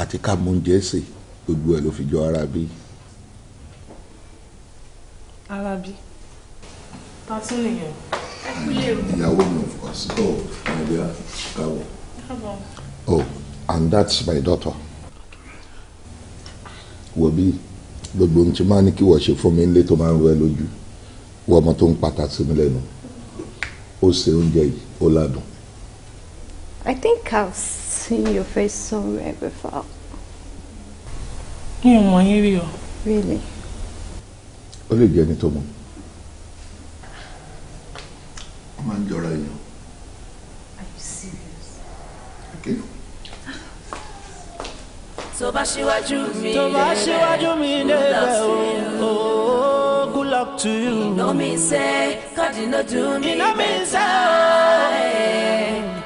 àti ká mú oúnjẹ sè gbogbo ẹ̀ ló fi jọ Arabi. Arabi ta tún nìyẹn ẹ kúlẹ̀ o. ìyàwó mi ò fọ́ sí ọ̀ ẹ̀yà káwọ̀. káwọ̀. Oh, and that's my daughter wò bí gbogbo ohun máa ní kí wọ́n ṣe fún mi nílé tó máa ń rọ lójú wọ́n ọmọ tó ń pàtà sí mi lẹ́nu ó ṣe oúnjẹ yìí ó ládùn. I think I've seen your face somewhere before. mi ò mọ̀ yín rí o. Really? ó lè jẹ́ ẹni tó mọ̀. ó máa ń jọra èèyàn. Are you serious? Okay tó bá ṣíwájú mi débẹ̀ tó bá ṣíwájú mi débẹ̀ o oh, good luck to you. iná mi ń sẹ́ káàdì náà dùn mí iná mi ń sẹ́ o.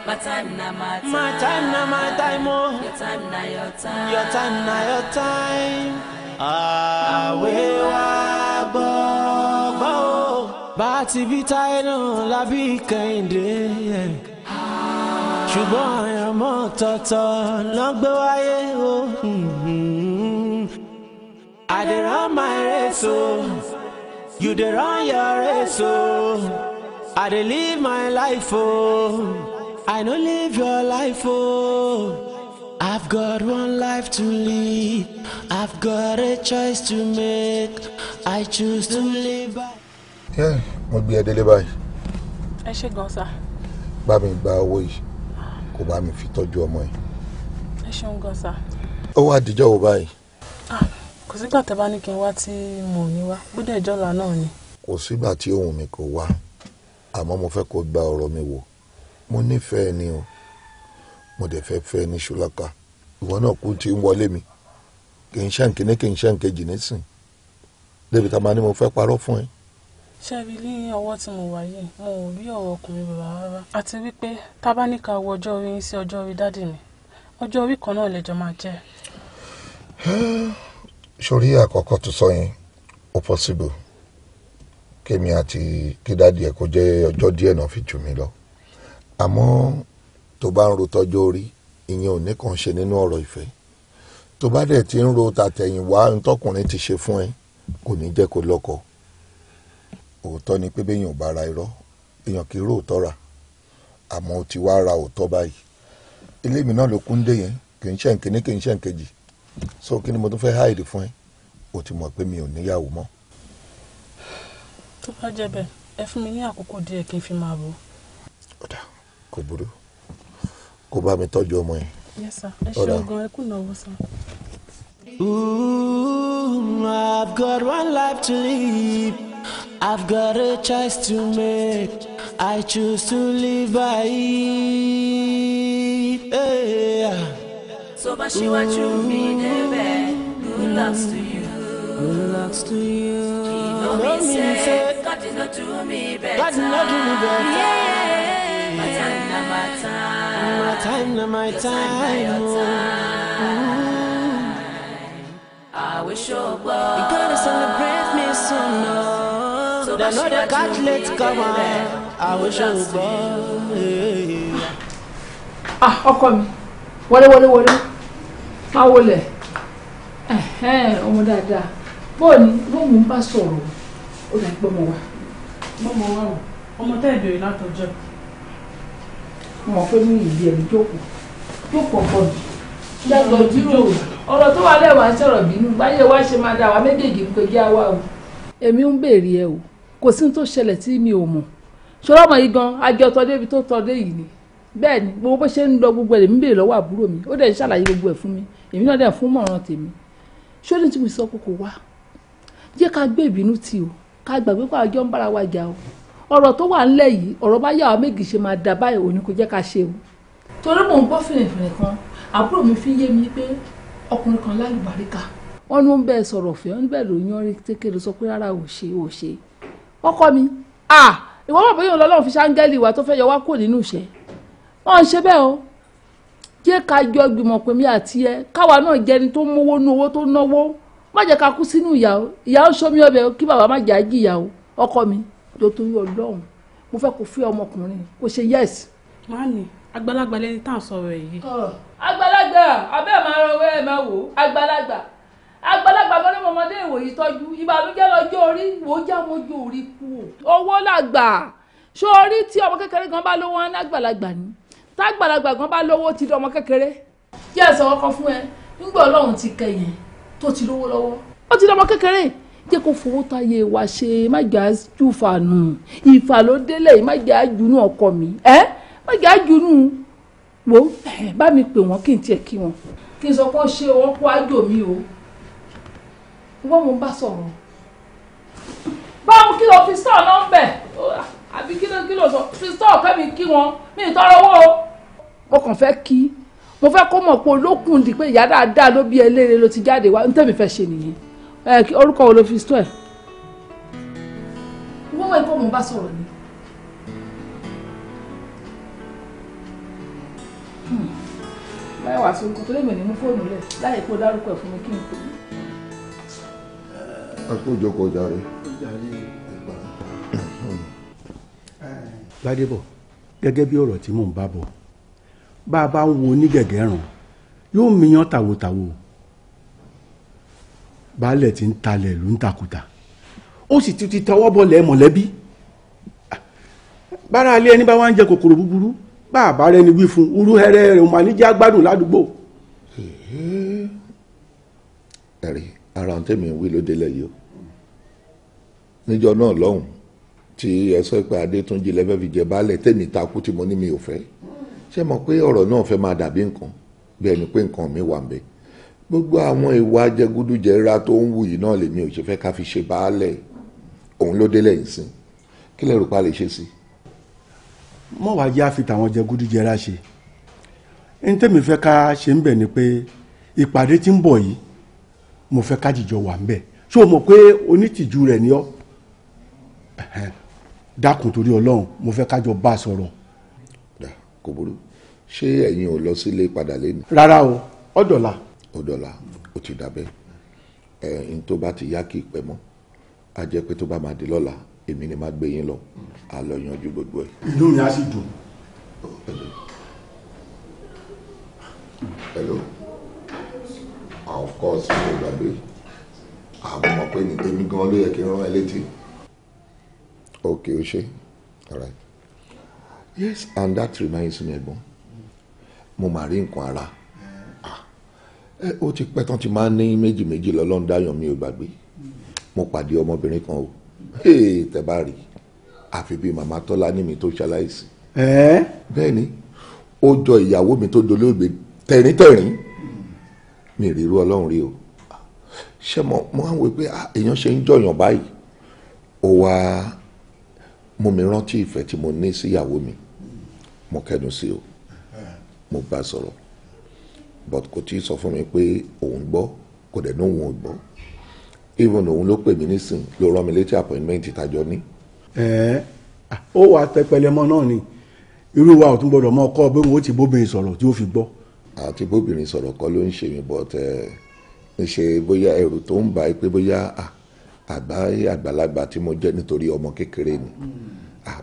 My time na my time. My time na my time. Oh. Your time na your time. Your time na your time. Àwé wa gbọ́ gbọ́ o. Bá a ti bí Táyé náà lábí Kẹ́hìndé ṣùgbọ́n àyànmọ́ tọ̀tọ̀ ló gbé wáyé o. Oh, hmm. I dey run my race o, oh. you dey run your race o, oh. I dey live my life o, I no live your life o. I've got one life to live, I've got a choice to make, I choose to live by. Ẹ eh, mo gbé ẹ délé báyìí. Ẹ ṣé gan-an sá. Bá mi gba owó yìí kó bá mi fi tọ́jú ọmọ yìí. ẹ ṣeun gan sa. ó wá àdìjọ́ wo báyìí. Ah, kò sígbà tẹ́ bá ní kí n wá tí mo ní wá gbọ́dọ̀ ìjọ́la náà ni. kò sígbà tí òun mi kò wá àmọ́ mo fẹ́ kó gba ọ̀rọ̀ mi wò mo nífẹ̀ẹ́ ni o mo dẹ̀ fẹ́ fẹ́ ní ṣúláka ìwọ náà kú ti ń wọlé mi kì í ṣàǹkíní kì í ṣàǹkejì nísìn débi tá a máa ní mo fẹ́ parọ́ fún ẹ ṣẹ́rí ní ọwọ́ tí mo wà yìí mo ò rí ọ̀rọ̀ ọkùnrin bàbá rárá àti wípé tá bá ní ká wo ọjọ́ orí yín sí ọjọ́ orí dádì mi ọjọ́ orí kan náà lẹ́jọ́ máa jẹ́. sórí àkọ́kọ́ tó sọ yẹn ó possible kémi àti kí dádì ẹ̀ kó jẹ́ ọjọ́ díẹ̀ náà fi jù mí lọ àmọ́ tó bá ń ro tọ́jọ́ orí ìyẹn ò ní kàn ṣe nínú ọ̀rọ̀ ìfẹ́ tó bá dẹ̀ ti ń ro tàtẹ̀yìnwá ntọ́kùnrin ti ṣe fún ẹ kò ní jẹ́ kó lọ́kọ̀ọ́ òótọ́ ni pé béèyàn ò bá ra irọ́ èèyàn kì í rò òótọ́ ra àmọ́ ó ti wá ra òótọ́ báyìí ilé mi náà ló kún dé yẹn kì í ṣe nkíní kì í ṣe nkejì so kí ni mo tún fẹ́ háìdì fún ẹ o ti mọ̀ pé mi ò níyàwó mọ́. tó bá jẹ́ bẹ́ẹ̀ ẹ fún mi ní àkókò díẹ̀ kí n fi máa bọ̀. ọ̀dà kò burú kó bá mi tọ́jú ọmọ yẹn. ẹ ṣeun gan ẹ kùnà owó sàn. Ooh, I've got one life to live. I've got a choice to make. I choose to live by it. Yeah. So much you want to be there. Good luck to you. Good luck to you. God is not to me better. God is not to me better. Yeah. My time, my time. My time, my time. Oh. I wish you gonna celebrate me soon, so no. So I know the come on. I wish you were. Ah, ọkọ mi, wọlé wọlé wọlé, má wọlé, ọmọ dáadáa, bọ́ọ̀ ni wọ́n mú bá sọ̀rọ̀ o lè gbọ́ ọmọ wa. Gbọ́mọ wa o, ọmọ tẹ́ ìbéèrè látọjọ́. Mo mọ̀ pé mi ì bí ọkọ jẹ́gbọ́ jíròrò ọ̀rọ̀ tó wà lẹ́wà ń sọ̀rọ̀ bínú báyẹ̀ wá ṣe máa dá wa méjèèjì ń pejá wa o. èmi ń béèrè ẹ o kò sí tó ṣẹlẹ̀ tí mi ò mọ̀ ṣọlá ọmọ yìí gan àjọ tọdé ibi tó tọdé yìí ni bẹ́ẹ̀ ni gbogbo bó ṣe ń lọ gbogbo ẹ̀ lèmi béèrè lọ́wọ́ àbúrò mi ó dẹ̀ ń ṣàlàyé gbogbo ẹ̀ fún mi èmi náà dẹ̀ fún mọ̀ràn tèmi ṣó ní tí mo sọ kókó wá jẹ́ ká gbé ìbínú tì o ká gbàgbé pé àjọ ń bára wa jà o ọ̀rọ̀ tó wà ńlẹ̀ yìí ọ̀rọ̀ bá yà wá méjì ṣe máa dà báyìí òní kò jẹ́ ká ṣe o torí mò ń gbọ́ fìrìfìrì kan àbúrò mi fi yé mi pé ọkùnrin kan lálùbáríkà. wọ́n ní ó ń bẹ́ẹ̀ sọ̀rọ̀ fẹ́ wọ́n ní bẹ́ẹ̀ ló yan rí tékèrè sọ pé rárá ò ṣe ò ṣe ọkọ mi ìwọ mọ̀ bóyá ọlọ́run fi ṣáńgẹ́lì wa tó fẹ́ yọ wá kó nínú ìṣẹ́ wọ́n ń ṣe bẹ́ẹ̀ o jẹ́ ká jọ gbìmọ̀ pé mi àti ẹ káwa náà jẹni tó mówó nú owó tó náwó má jẹ́ ká kú sínú ìyà o ìyà ó ṣomi ọbẹ̀ kí bàbá má jà á jìyà o ọkọ mi jọ torí ọlọ́run mo fẹ́ kó fi ọmọkùnrin kó ṣe yẹ́sì. má nì àgbàlagbà lẹni tá à ń sọ̀rọ̀ yìí. àgbàlagbà abẹ́ máa rọ wẹ́ ẹ máa wò ó àgbàlagbà àgbàlagbà kan ní ọmọdé ìwòyí tọ́jú ìbànújẹ́ lọ́jọ́ orí wò ó já mojú orí kú o. owó làgbà ṣó orí tí ọmọ kékeré kan bá lówó ńlá àgbàlagbà ni tágbàlagbà kan bá lówó ti di ọmọ kékeré. kí ẹ sọ ọkọ fún ẹ nígbà Ọlọ́run ti kẹyìn tó ti lówó lọ́wọ́. ó ti di ọmọ kékeré jẹ́ kó fowó táyé wa ṣe má jà jù fànù ìfà má jà jù ní ọkọ mi. eh? wọ́n jà jùnú wo bá mi pè wọ́n kí n tiẹ̀ kí wọn. kí n sọ pé ó ṣe wọn kó àjò mi o wọ́n mo bá sọ̀rọ̀ báwo kí ló fi sọ̀ náà ń bẹ̀ àbí kí ló kí ló sọ fi sọ̀ kẹ́mi kí wọn mi ì tọrọ owó o. mo kàn fẹ́ kí mo fẹ́ kó mọ̀ pé olókùn di pé ìyá dáadáa ló bí eléré ló ti jáde wá ntẹ́mi fẹ́ ṣe nìyẹn orúkọ wo ló fi sọ ẹ̀. wọ́n mọ̀ ẹ́ kó mo bá sọ̀rọ̀ ni. láì wá sí nǹkan tó lè mọ̀ ní mú fóònù lẹ̀ láì kó dárúkọ ẹ̀ fún mi kí n pè é. ẹ kó jókòó jàre. ládébọ̀ gẹ́gẹ́ bí ọ̀rọ̀ tí mò ń bá bọ̀ bá a bá ń wo onígẹ̀gẹ́ ràn yóò mìíràn tàwòtàwò baálẹ̀ ti ń talẹ̀ ló ń takùtà ó sì ti ti tọwọ́ bọ̀lẹ̀ mọ̀lẹ́bí bára alẹ́ ẹni bá wá ń jẹ kòkòrò búburú bàbá rẹ ni wí fún urú hẹrẹ rẹ òun máa ní jẹ́ agbádùn ládùúgbò. ẹ̀rí ara ohun tẹ̀mí wí ló délẹ̀ yìí o níjọ náà lọ́hùn tí ẹ sọ pé adétúnjì lẹ́fẹ́ fi jẹ baálẹ̀ tẹ̀mí takú tí mo ní mi ò fẹ́ ṣé mo pé ọ̀rọ̀ náà fẹ́ máa dàbí nǹkan bí ẹni pé nǹkan mi wà ń bẹ gbogbo àwọn ìwà jẹgúdújẹra tó ń wù yìí náà lèmi ò ṣe fẹ́ ká fi ṣe baálẹ̀ òun ló délẹ̀ yìí sìn kí lẹ́rù pa lè ṣe sí i mọ̀ wá yá fi tàwọn jẹ gúdújẹra ṣe n tẹ́mi fẹ́ ká ṣe ń bẹ̀ ni pé ìpàdé tí ń bọ̀ yìí mo fẹ́ ká jìjọ wà ń bẹ̀ ṣé o mọ̀ pé onítìjú rẹ̀ ni ọ́ dákun torí ọlọ́run mo fẹ́ kájọ bá a sọ̀rọ̀. kò burú ṣé ẹ̀yin ò lọ sílé padà lẹ́nu. rárá o ọ̀dọ̀la. ọ̀dọ̀la ó ti dàbẹ̀ ẹ̀yìn tó bá ti yá kì í mọ́ a jẹ́ pé tó bá máa di lọ́la èmi ni máa gbé yín lọ a lọ yanjú gbogbo ẹ. inú mi á sì dùn. hello of course mo gbàgbé àwọn ọmọ pé èmi gan ló yẹ kí n rán ẹ létí. ok o ṣe all right yes and that reminds me ẹ̀gbọ́n mo mà rí nǹkan ara ah, ó ti pẹ́ tán ti máa ń ní méjì méjì lọ́lọ́run dáyọ̀ mi ò gbàgbé mo pàdé ọmọbìnrin kan o tẹ bá rí àfi bíi màmá tọ́lá ní mi tó ṣaláìsí. bẹ́ẹ̀ ni ó jọ ìyàwó mi tó dolóògbé tẹ̀ríntẹ̀rín mi rí irú ọlọ́run rí o ṣé mo mo á wò pé ah, èèyàn ṣe ń jọyàn báyìí ó wá mú mi rántí ìfẹ́ tí mo ní síyàwó mi mo kẹnu sí o mo bá sọ̀rọ̀ but kò tí ì sọ fún mi pé òun gbọ́ kò dẹ̀ ní òun gbọ́ even òun ló pè mí nísìn ló rán mi létí appointment ìtajọ ní. ẹ ẹ ó wàá tẹpẹlẹmọ náà ni irú wa ò tún gbọdọ̀ mọ ọkọ bí wọn ó ti bóbìnrin sọ̀rọ̀ tí ó fi gbọ́. àti bóbìnrin sọ̀rọ̀ kọ́ ló ń ṣe mi but ń ṣe bóyá ẹrù tó ń bá pé bóyá àgbà àgbàlagbà tí mo jẹ́ nítorí ọmọ kékeré ni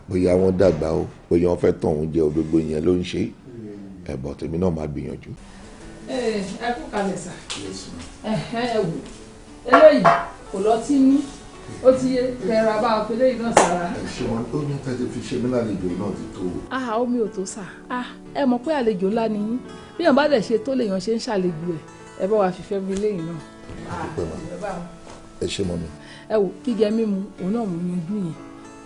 bóyá wọ́n dàgbà o bóyá wọ́n fẹ́ tàn òun jẹ òdòdó yẹn ló ń ṣe ẹ̀bọ̀ tèmi náà máa gbìyànjú. ẹ eh, ẹ kú kalẹ̀ sà ẹ eh, ẹ wò eléyìí kò lọtí ní ó ti yé kẹra bá a pélé iná sára. ṣùgbọ́n ó ní tẹ́tí fi ṣe mí lálejò náà ti tó. Ah, ah omi ò tó sà ah ẹ mọ̀ pé àlejò ńlá ni yín bí èèyàn bá dẹ̀ ṣe tó lèèyàn ṣe ń ṣàlejò ẹ̀ ẹ bá wa fìfẹ́ mi lẹ́yìn náà. Ah, ẹ ṣe mọ mi. ẹ wò jíjẹ mímu òun náà mò ń yanjú yẹn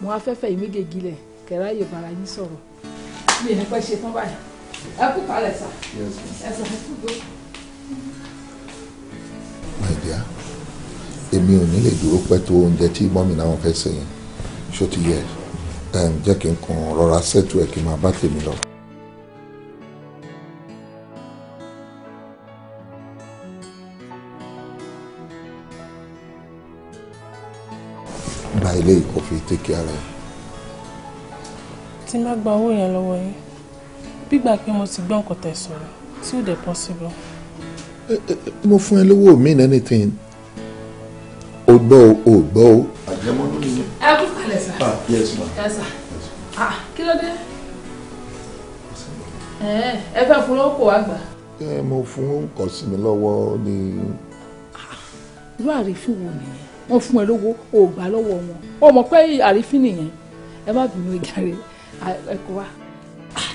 mo afẹ́fẹ́ yìí méjèèjì lẹ̀ kẹ̀rá yóò bára yín sọ̀rọ̀ mi ò ní pẹ́ ṣe tán báyìí ẹ kú kalẹ̀ sà ẹ sà ẹ kú gbó. my dear èmi ò ní lè dúró pẹ́ tó oúnjẹ tí mọ́mì náà fẹ́ sè yẹn ṣó ti yẹ jẹ́ kí n kàn rọra ṣètò ẹ̀ kí n máa bá tèmi lọ. gba ilé ìkọ̀fẹ́ tẹ́kí ara ẹ̀. tí n bá gba owó yẹn lọ́wọ́ yín gbígbà pé mo ti gbọ́ nǹkan tẹ̀ sọ̀rọ̀ tí ò dẹ̀ possible. mo fún ẹ lówó mi in anything o gbọ́ o ò gbọ́ o. àjẹmọ́nú ni mi. ẹ kú kalẹ̀ sá. ah yes ma. ẹ sá ah kí ló dé. Eh, ẹ fẹ́ fún lóko àgbà. ẹ mo fún kọ̀ sí mi lọ́wọ́ ni. Ah, irú àrífín wo nìyẹn wọ́n fún ẹ lówó o ò gbà lọ́wọ́ wọn o mọ̀ pé àrífín nìyẹn ẹ má bínú ìjà rẹ ẹ kọ wa ah,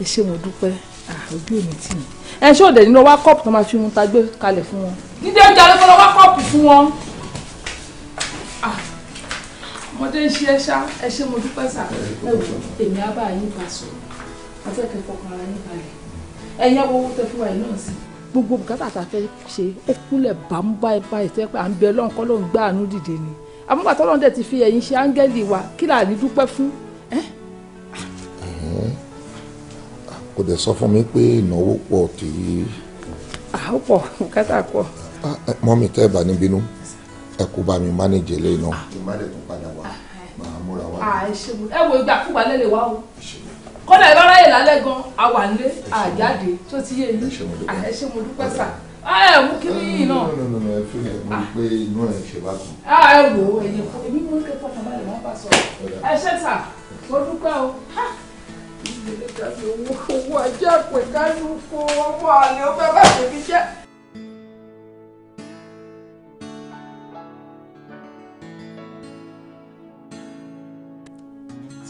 ẹ ṣé mo dúpẹ́ ah, ojú èmi tì mí ẹ ṣé òde nínú ọwá kọ́ọ̀pù tó máa fi hun ta gbé kalẹ̀ fún wọn. nídìí ọjà ló kọ́ọ̀pù fún wọn. Ah, mo dé ń ṣe ẹ ṣá ẹ ṣe mo dúpẹ́ sá ẹ wò èmi á bá yín bá sọ mo fẹ́ kẹ́ fọkàn ara yín balẹ̀ ẹ yẹ owó tẹ fún wa yìí náà sí. gbogbo bùkátà tá a fẹ́ ṣe ó kúnlẹ̀ bámbá ẹ bá ìtẹ́ pé à ń bẹ lọ́nkọ́ ló ń gbá àánú dìde ni amúgbàtọ́ lọ́n dẹ̀ ti fi ẹ̀yin ṣe áńgẹ́lì wa kí là ní dúpẹ́ fún. kò dẹ̀ sọ fún mi pé ìnáwó pọ̀ tí. àá pọ̀ bùkátà pọ̀. Ah, mọ́mí tẹ́ ẹ bá ní bínú ẹ kó bá mi mánéjì eléyìí náà. kí n má lè tún padà wá ah, eh. máa múra wá. Ah, ẹ wo ìgbà fúgbà lẹ́lẹ̀ wá o kódà ìrora yìí lálẹ́ gan àwa nílé àjáde tó ti yé yín ẹ ṣé mo dúpẹ́ ah, sà ẹ mú kí ni yìí náà. nínú nínú ẹ fi lè mú pé inú ẹ ṣe bá kú. ẹ wo ẹyẹ fún mi mú kí fọkàn bá lè bá sọ ẹ ṣé sà mo dúpẹ́ o ìgbèlè tàbí owó ajá pẹ̀ká ló kó ọmọ àlè ó fẹ́ bá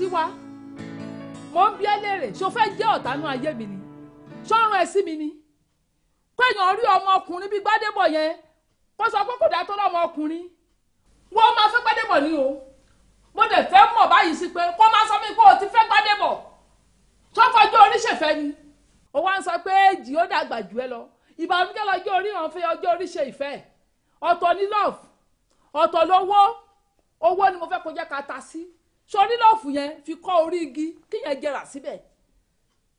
tiwa mo ń bí ẹlẹ́rẹ̀ ṣo fẹ́ jẹ́ ọ̀tánú ayé mi ni ṣọ́run ẹ̀ sí mi ni péyàn rí ọmọ ọkùnrin bíi Gbádébọ̀ yẹn kó sọ pé kò dá tó lọ́mọ ọkùnrin wọ́n máa fẹ́ Gbádébọ̀ ni o mo dẹ̀ fẹ́ mọ̀ báyìí sí pé kó máa sọ mi pé o ti fẹ́ Gbádébọ̀ tó fọjú oríṣèfẹ́ ni ó wá ń sọ pé èjì ó dàgbà jù ẹ lọ ìbànújẹ́ lọ́jọ́ orí hàn fẹ́ ọjọ́ oríṣe ìfẹ́ ọ̀tọ̀ ni love ọ̀tọ̀ lówó owó ni mo fẹ́ kó jẹ́ ká ta sí sórí lọ́ọ̀fù yẹn fi kọ́ orí igi kí yẹn jẹrà síbẹ̀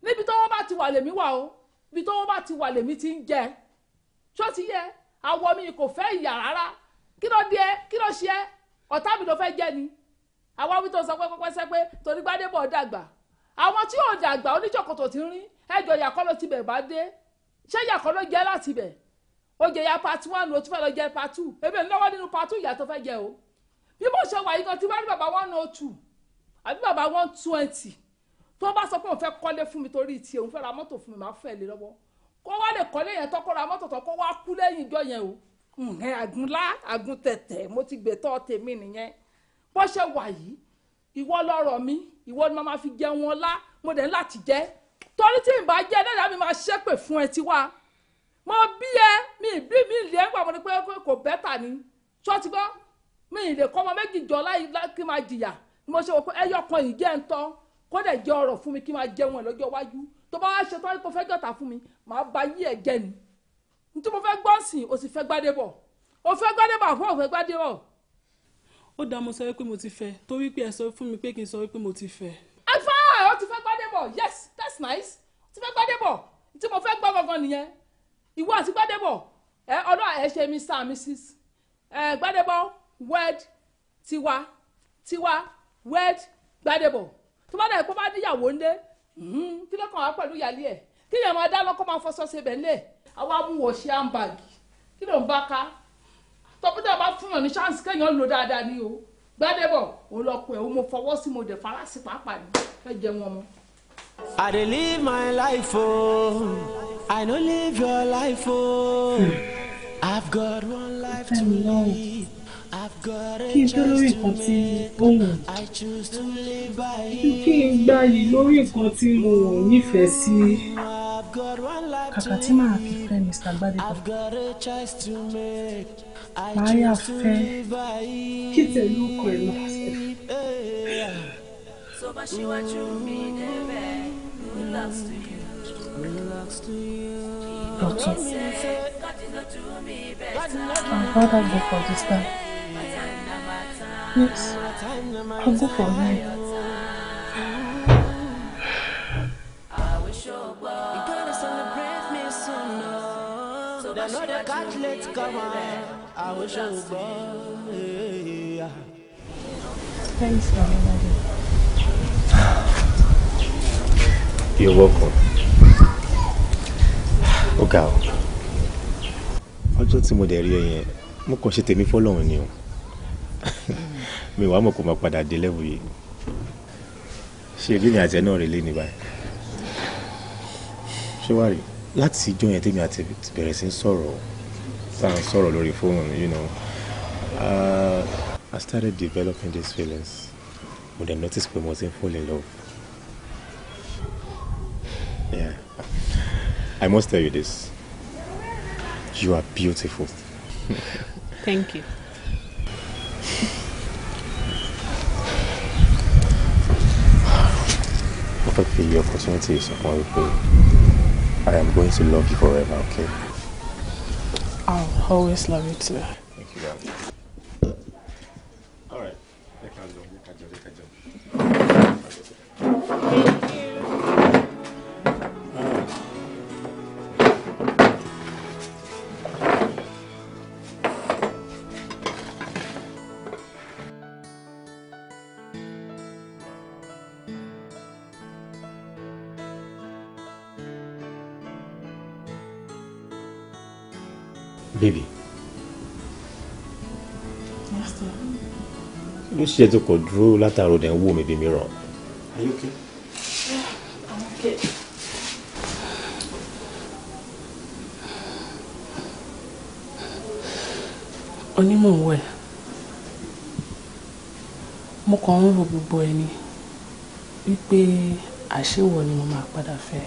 níbi tọ́wọ́ bá ti wà lèmi wà o ibi tọ́wọ́ bá ti wà lèmi ti ń jẹ ṣó ti yẹ àwọ̀ mi kò fẹ́ ìyà rárá kí ló dé kí ló ṣe ọ̀tá mi ló fẹ́ jẹ́ ni àwa wí tó sọ pé pẹ́pẹ́sẹ́ pé torí Gbádébọ̀ dàgbà àwọn tí yóò dàgbà oníjòkòtò ti rí ẹjọ́ ìyàkọ́ ló ti bẹ̀ bá dé ṣé ìyàkọ́ ló jẹ́ láti bẹ̀ ó jẹ́ ya part one o tún fẹ́ lọ jẹ́ part two ebi ẹ̀ ń lọ́wọ́ nínú part two ìyà tó fẹ́ jẹ o bí mo ṣe wà yìí gan tí bá rí bàbá one oh two àbí bàbá one twenty tó bá sọ pé òun fẹ́ kọ́lé fún mi torí tiẹ̀ òun fẹ́ ra mọ́tò fún mi màá fẹ́ lé lọ́wọ́ kó wá lè kọ́lé yẹn tán kó ra mọ́tò tán kó wá kú lẹ́yìn ìjọ yẹn o ǹhẹ́ àgúnlá àgúntẹ̀tẹ̀ mo ti gbẹ̀tọ́ tèmi nìyẹn bó ṣe wà yìí ìwọ lọ́rọ̀ mi ìwọ ni màá fi jẹ wọn lá mo dẹ̀ ń láti jẹ́ torí tí n bá jẹ́ ẹlẹ́dàá mi máa ṣépè fún ẹ tiwa mo bí ìlè kọ́mọ méjì jọ láì kí n máa jìyà ni mo ṣe wò pé ẹyọ kan yìí jẹ́ ń tọ́ kó dẹ̀ jẹ́ ọ̀rọ̀ fún mi kí n máa jẹun ẹ̀ lọ́jọ́ iwájú tó bá wá ṣe tán tó fẹ́ jọ̀tà fún mi màá ba yí ẹ̀ jẹ́ ni n tí mo fẹ́ gbọ́ sìn o sì fẹ́ gbádébọ̀ o fẹ́ gbádébọ̀ àfọ́ o fẹ́ gbádébọ̀. ó dá mo sọ wípé mo ti fẹ́ torí pé ẹ sọ fún mi pé kí n sọ wípé mo ti fẹ́. ẹ fẹ́ ọ ti fẹ́ gbádébọ̀ yes that's nice ti fẹ́ gbádébọ̀ tí mo fẹ́ gbọ́ gangan nìyẹn ìwọ àti gbádébọ̀ ẹ ọlọ́ ẹ ṣe mi sáà wed tiwa tiwa wed gbadebo tó bá dẹ̀ kó bá níyàwó ńlé mm-hmm, kí ló kàn wá pẹ̀lú ìyálé ẹ̀ kí yẹn máa dáná kó máa fọṣọ ṣe bẹ̀ ńlẹ̀ àwa mú wọ̀ ṣe àǹbàgì kí ló ń bá ká tọ́pútà bá fún yàn ní ṣáǹsì kéèyàn lò dáadáa ni o gbadebo òun lọ pẹ̀ òun mo fọwọ́ sí mo dẹ̀ farasí pàápàá ni ẹ jẹ wọn mọ. I dey live my life oh, I no live your life oh, I've got one life to live kí n tó lórí nǹkan tí ó wù kí n gbayì lórí nǹkan tí mo nífẹ̀ẹ́ sí kàkà tí màá fi fẹ́ Mr. Gbádébọ̀ màá yà fẹ́ kí tẹ̀lé ọkọ ẹ̀ náà fẹ́. to you. Doctor, our father go for this time. Yes, I'll go for mine. Thanks for everybody. You're welcome. Ọ̀gá o. Ọjọ́ tí mo dẹ̀ rí ẹ yẹn, mo kàn ṣe tèmi fọ́lọ́run ni o. mi wàá mọ̀ kó máa padà dé lẹ́wọ̀ yìí ṣe rí ni àtẹ náà relé ní báyìí ṣé wàá rí láti ìjọ yẹn tèmi àti bẹ̀rẹ̀ sí sọ̀rọ̀ tá à ń sọ̀rọ̀ lórí fóònù you know uh, I started developing these feelings mo dem notice pé mo ti ń fall in love yeah I must tell you this you are beautiful. Thank you. perfectly your opportunity is upon you. I am going to love you forever, okay? I'll always love you too. Thank you, darling. Alright. ṣe tó kọ̀ dúró látàrọ̀ dẹ̀ ń wò mí bí mìíràn. Are you wẹ̀ mo kàn ń ro gbogbo ẹni wípé àṣewọ̀ ni mo máa padà fẹ́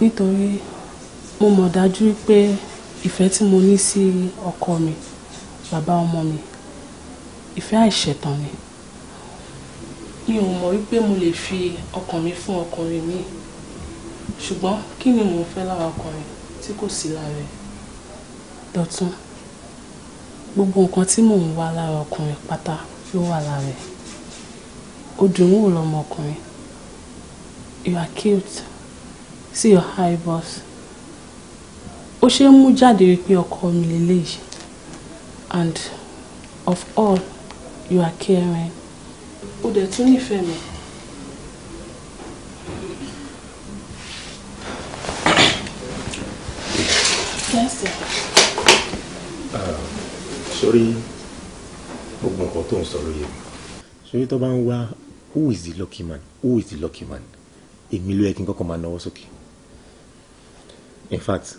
nítorí mo mọ̀ dájú wípé ìfẹ́ tí mo ní sí ọkọ mi bàbá ọmọ mi ìfẹ́ àìṣẹ̀tàn ni mi ò mọ̀ wípé mo lè fi ọkàn mi fún ọkùnrin mi ṣùgbọ́n kí ni mò ń fẹ́ lára ọkùnrin tí kò sí lára ẹ̀ dọ̀tún gbogbo nǹkan tí mò ń wá lára ọkùnrin pátá ló wà lára ẹ̀ ó dùn ún you are cute see your high boss ó ṣe ń mú jáde wípé ọkọ mi lélẹ́yìí and of all you are caring. o dẹ̀ tún nífẹ̀ẹ́ mi. sórí ah, gbogbo nǹkan tó ń sọ ló yé mi. sórí tó bá ń wá who is the lucky man who is the lucky man èmi ló yẹ kí n kọ́kọ́ máa náwó sókè in fact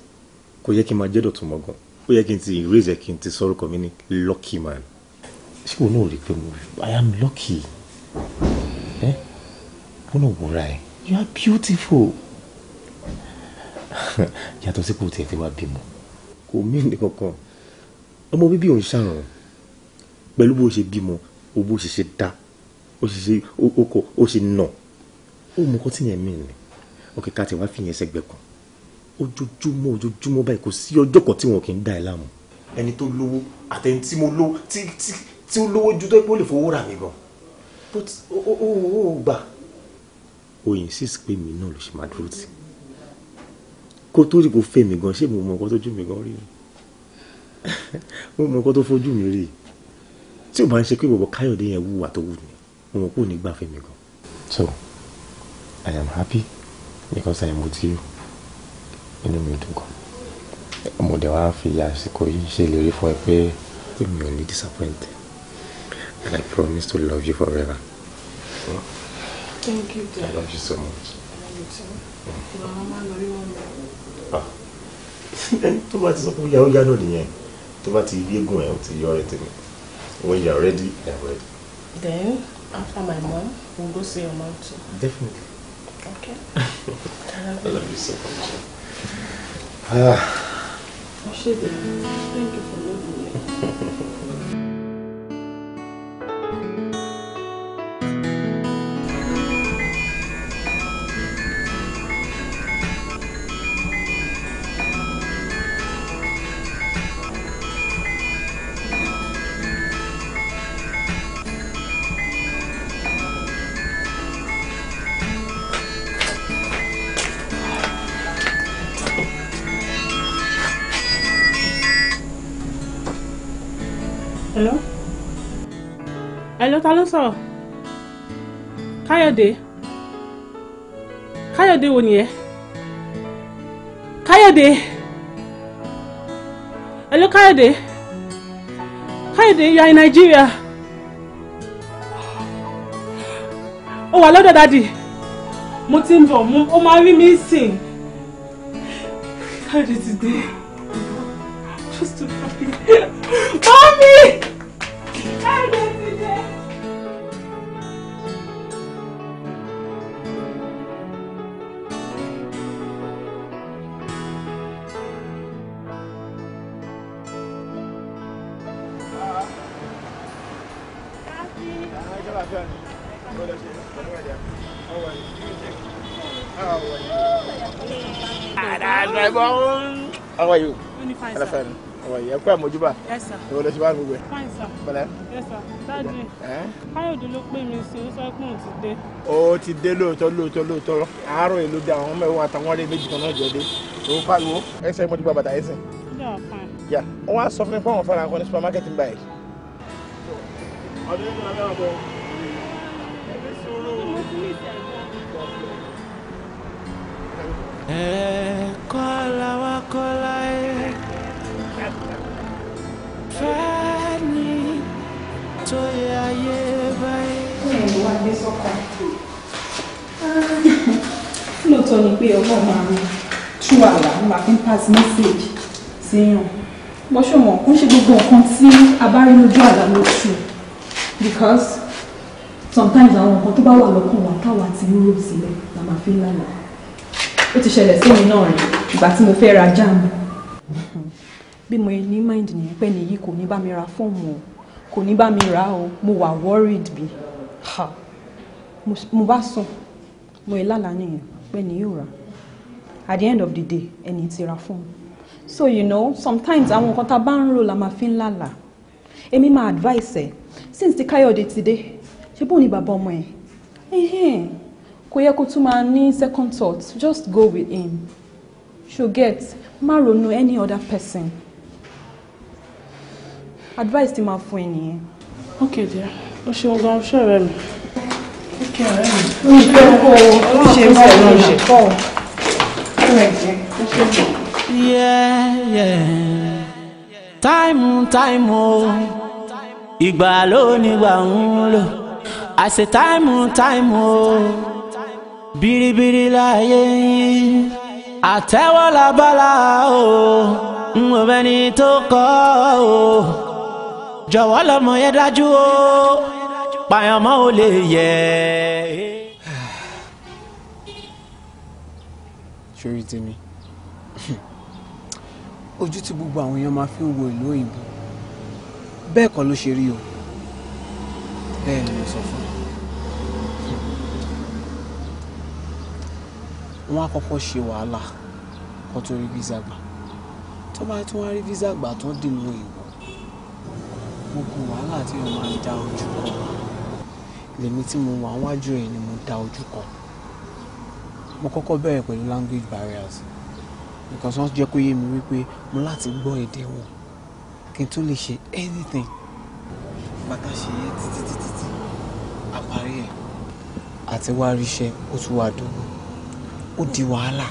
kò yẹ kí n máa jẹ́ dọ̀tún mọ́gàn ó yẹ kí n ti erase kí n ti sọ orúkọ mi ní lucky man ṣé o náà rí i pé mo i am lucky ẹ wọn náà wúra ẹ you are beautiful yàtọ̀ sí pé o tiẹ̀ ti wá bímọ kò mí nìkan kan ọmọ bíbí òun ṣàrùn pẹ̀lú bó ṣe bímọ o bó ṣe ṣe dá o ṣe ṣe o kò o ṣe nà ó mú kọ́tìyàn mí ni ok ká ti wá fìyẹn sẹ́gbẹ̀ẹ́ kan ojoojúmọ́ ojoojúmọ́ báyìí kò sí ọjọ́ kan tí wọn kì í dá ẹ láàmú. ẹni tó lówó àtẹni tí mo lówó tí tí tí ó lówó ju tó lè fowó rà mí gan but ó ó ó gbà. o insist pé mi náà ló ṣe máa dúró tì kó tó rí kó fẹ́ mi gan ṣé mo mọ nǹkan tó jú mi gan rí mo mọ nǹkan tó fojú mi rí tí ò bá ń ṣe pé bọ̀bọ̀ káyọ̀dé yẹn wúwà tó wù mí mo mọ̀ pé ò ní gbà fẹ́ mi gan. so i am happy because i am with you inú mi dùn gan mo fi àsìkò yìí ṣèlérí fún ẹ pé mi ò ní disappoint and I promise to love you forever. Thank you, dear. I love you so much. ẹni ah. tó bá ti sọ pé yàrá yàrá nìyẹn tó bá ti yégun ẹ̀ ó ti yọ ọ̀rẹ́ tèmi when you are ready I am ready. Then after my mom we we'll go see your mom too. Definitely. Okay. I love you so much. Ah. should. Uh, thank you for loving me. hello ta ló sọ̀rọ̀ káyọ̀dé káyọ̀dé wo nìyẹn káyọ̀dé hello káyọ̀dé káyọ̀dé you are in Nigeria ó wà lọ́dọ̀ dádì mo ti ń bọ̀ ó máa rí mi sìn káyọ̀dé ti dé just to happy mommy. how are you? Very fine, sir. Fine. How are you? Ẹ̀kọ́ àmójúbà. Yes, sir. Ìwọ lọ sí báàlù gbẹ. Fine, sir. Bẹ́lẹ̀. Yes, sir. Sáàdì. Káyọ̀dé ló pè mí sí, ó sọ pé òun ti dé. Ó ti dé lóòótọ́ lóòótọ́ lóòótọ́. Àárọ̀ èlò dé àwọn ọmọ ẹ̀wọ̀n àtàwọn ọ̀rẹ́ méjì kan náà jọ dé. Òun pariwo. Ẹsẹ̀ ìmọ̀júbà bàtà ẹsẹ̀. Yà wọ́n wá sọ a mi I'm àwọn fara kan ní supermarket ń báyìí. Ọdún yóò lọ bẹ́ẹ̀ wọ́n bọ̀. Ẹ kọ́ wa kọ́ láyé eh. fẹ́ ni tó yẹ ayé báyìí. bẹ́ẹ̀ ni wàá gbé sọ́kàn lóòótọ́ ni pé ọgbọ́n máa ń tú àlà ń máa fi ń pass message síyàn bọ́sọ̀mọ̀ kún ṣe gbogbo nǹkan tí a bá rí lójú àlà ló ṣù because sometimes àwọn nǹkan tó bá wà lọ́kàn wa táwa ti ń rò sílẹ̀ la máa fi ń lálàá ó ti ṣẹlẹ̀ sí mi náà rí ìgbà tí mo fẹ́ ra jáàmù. bí mo ní mind nìyẹn pé nìyí kò ní bá mi ra fóònù o kò ní bá mi ra o mo wà worried bí mo bá sùn mo ì lálàá nìyẹn pé nìyí ò rà at the end of the day ẹni tí ra fóònù so you know sometimes àwọn nǹkan tá a bá ń rò la máa fi ń lálà èmi máa advice ẹ since ti káyọ̀dé ti dé ṣe bóun ni bàbá ọmọ ẹ kò yẹ kó tún máa ní second thought just go with him ṣo get má ronú any other person advice ti máa fún ẹ e nìyẹn. ok dear o ṣeun gan o ṣe ọ̀rẹ́ mi. ok ọ̀rẹ́ mi o ṣe kó o ṣe bá o ṣe kó yeah yeah time time oh. ìgbà ló nígbà ń lò àṣẹ time time oh. biribiri láyé yín àtẹ́wọ́ labala o n ò mẹ́ni tó kọ́ o jọ̀wọ́ lọ́mọ yẹn dájú o pààyàn mọ́ ò lè yẹ. sórí tèmi ojú tí gbogbo àwọn èèyàn máa fi ń wo ìlú òyìnbó bẹ́ẹ̀ kọ́ ló ṣe rí o bẹ́ẹ̀ ni mo sọ fún un. wọ́n á kọ́kọ́ ṣe wàhálà kó tó rí visa gbà tó bá tún wá rí visa gbà tó dènà ìwọ gbogbo wàhálà tí mo máa ń dá ojú kọ lèmi tí mo wà wájú ẹ̀ ni mo dá ojú kọ mo kọ́kọ́ bẹ̀rẹ̀ pẹ̀lú language barriers because wọ́n jẹ́ kó yé mi wípé mo láti gbọ́ èdè wọn kí n tó lè ṣe anything bàtà ṣe yẹ títí títí àparí ẹ̀ àti wá ríṣẹ́ ó tún wà dùn ó di wàhálà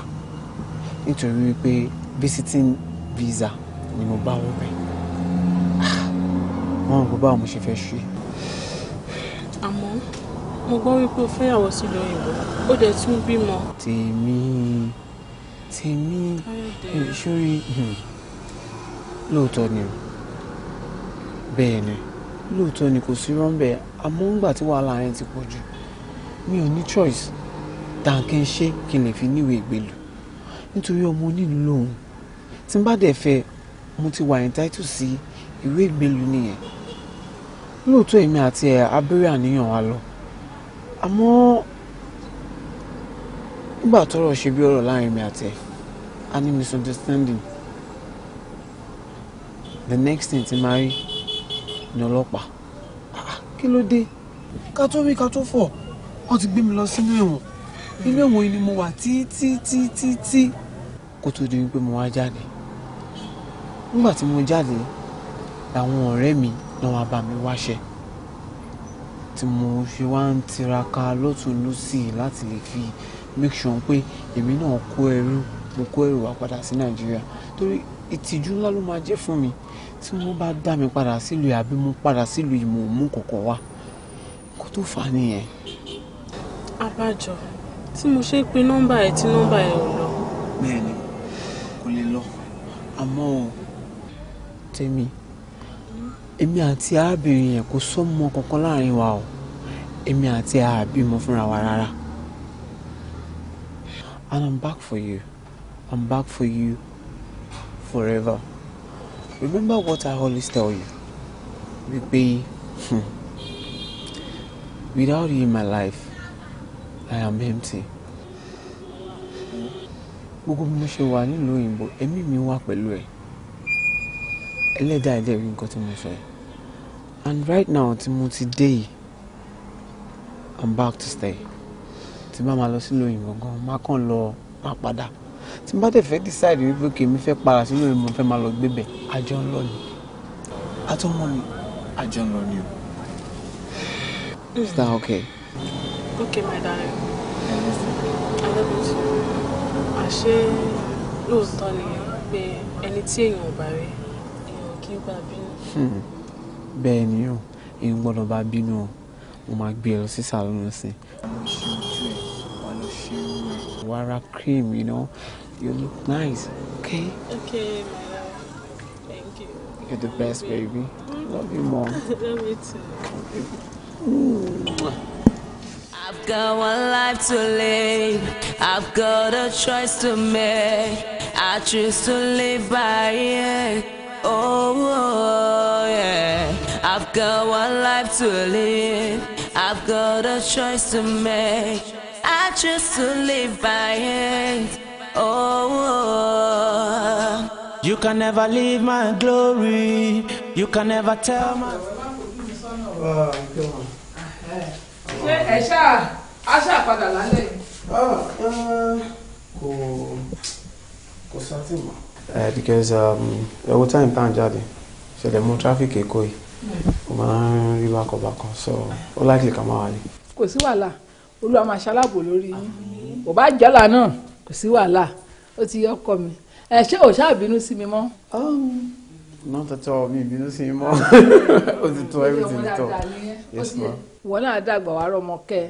nítorí wípé visiting visa ni mo bá wọ́n bẹ̀ wọ́n kò báwo mo ṣe fẹ́ ṣe. àmọ́ mo gbọ́ wípé o fẹ́yàwó sílùú òyìnbó ó dẹ̀ tún bímọ. tèmi tèmi ìṣòrí lóòótọ́ ni o bẹ́ẹ̀ ni lóòótọ́ ni kò sí rọ́ńbẹ́ àmọ́ ńgbà tí wàhálà yẹn ti pọ̀ jù mi ò ní choice tàǹkì ń ṣe kí n lè fi níwèé ìgbèlú nítorí ọmọ onílù lòun tí n bá dẹ̀ fẹ́ mo ti wà entitled sí ìwé ìgbèlú nìyẹn lóòótọ́ èmi àti ẹ̀ abẹ́rẹ́ àníyàn wa lọ àmọ́ nígbà tọ́rọ̀ ṣe bí ọ̀rọ̀ láàrin mi àti ẹ̀ a ní misunderstanding the next thing ti máa rí ni ọlọ́pàá kí ló dé ká tó wí ká tó fọ̀ wọ́n ti gbé mi lọ sínú ẹ̀wọ̀n inú ẹ̀wọ̀n yìí ni mo wà títítítítí kó tó di wípé mo wá jáde nígbà tí mo jáde làwọn ọ̀rẹ́ mi náà wá bá mi wáṣẹ́ tí mo ṣe wá ń tiraka lọ́tún lọ́sì láti lè fi make sure pé èmi náà kó ẹrú mo kó ẹrù wá padà sí nàìjíríà torí ìtìjú ńlá ló máa jẹ́ fún mi tí wọ́n bá dá mi padà sílùú àbí mo padà sílùú ìmọ̀ òmù kọ̀ọ̀kan wá kó tó fà á nìyẹn. abájọ tí mo ṣe pin nọ́mbà ẹ̀ tí nọ́mbà ẹ̀ ò lọ. bẹ́ẹ̀ni kò lè lọ àmọ́ o tèmi èmi àti arábìnrin yẹn kò sọmọ kankan láàrin wa o èmi àti àbímọ fúnra wa rárá and i'm back for you i'm back for you forever remember what i always tell you wípé hmm, without you in my life I am empty. Gbogbo bí mo ṣe wà nílùú òyìnbó, ẹ̀mí mi wà pẹ̀lú ẹ̀. Ẹlẹ́dàá ẹ̀dẹ̀ rí nǹkan tí mo fẹ́. And right now tí mo ti dé yìí, I'm back to stay. Tí bá máa lọ sílùú òyìnbó gan, má kàn lọ má padà. Tí bá dẹ̀ fẹ́ decide wípé kèmí fẹ́ para sílùú òyìnbó fẹ́ máa lọ gbébẹ̀, àjọ ń lọ ni. Àtọ́mọ́ ni àjọ ń lọ ni o. Is that okay? Okay, my darling. I love you too. Àṣé lóòótọ́ ni pé ẹni tí èèyàn ò You rí èèyàn kì Hmm. gbà bínú. Bẹ́ẹ̀ ni o, èèyàn gbọ́dọ̀ bá bínú o, mo máa gbé ẹ e lọ sí cream, you know, you look nice, okay? Okay, my love, thank you. You're the best, baby. Love you, mom. Love you too. Mm. I've got one life to live. I've got a choice to make. I choose to live by it. Oh, yeah. I've got one life to live. I've got a choice to make. I choose to live by it. Oh, you can never leave my glory. You can never tell my. ṣé ẹ ṣáà á ṣàpadà lálẹ́ yìí. Ah, ah, kò kò sọ́tì mọ́. Eh, because ẹwọ um, time tá à ń jáde ṣẹlẹ̀ mú traffic èkó yìí ó máa ń rí bákọ̀bákan so ó likely ká máa wà ní. kò sí wàhálà olúwa máa ṣaláàbò lórí yín kò bá jọ́là náà kò sí wàhálà ó ti yọ ọkọ mi ẹ eh, ṣé ò ṣáà bínú sí mi mọ́. Um, not at all mi ìbínú sí i mọ́ o ti tọ́ everything tọ́ yes ma. wọ́n náà dàgbà wàá rọmọ kẹ́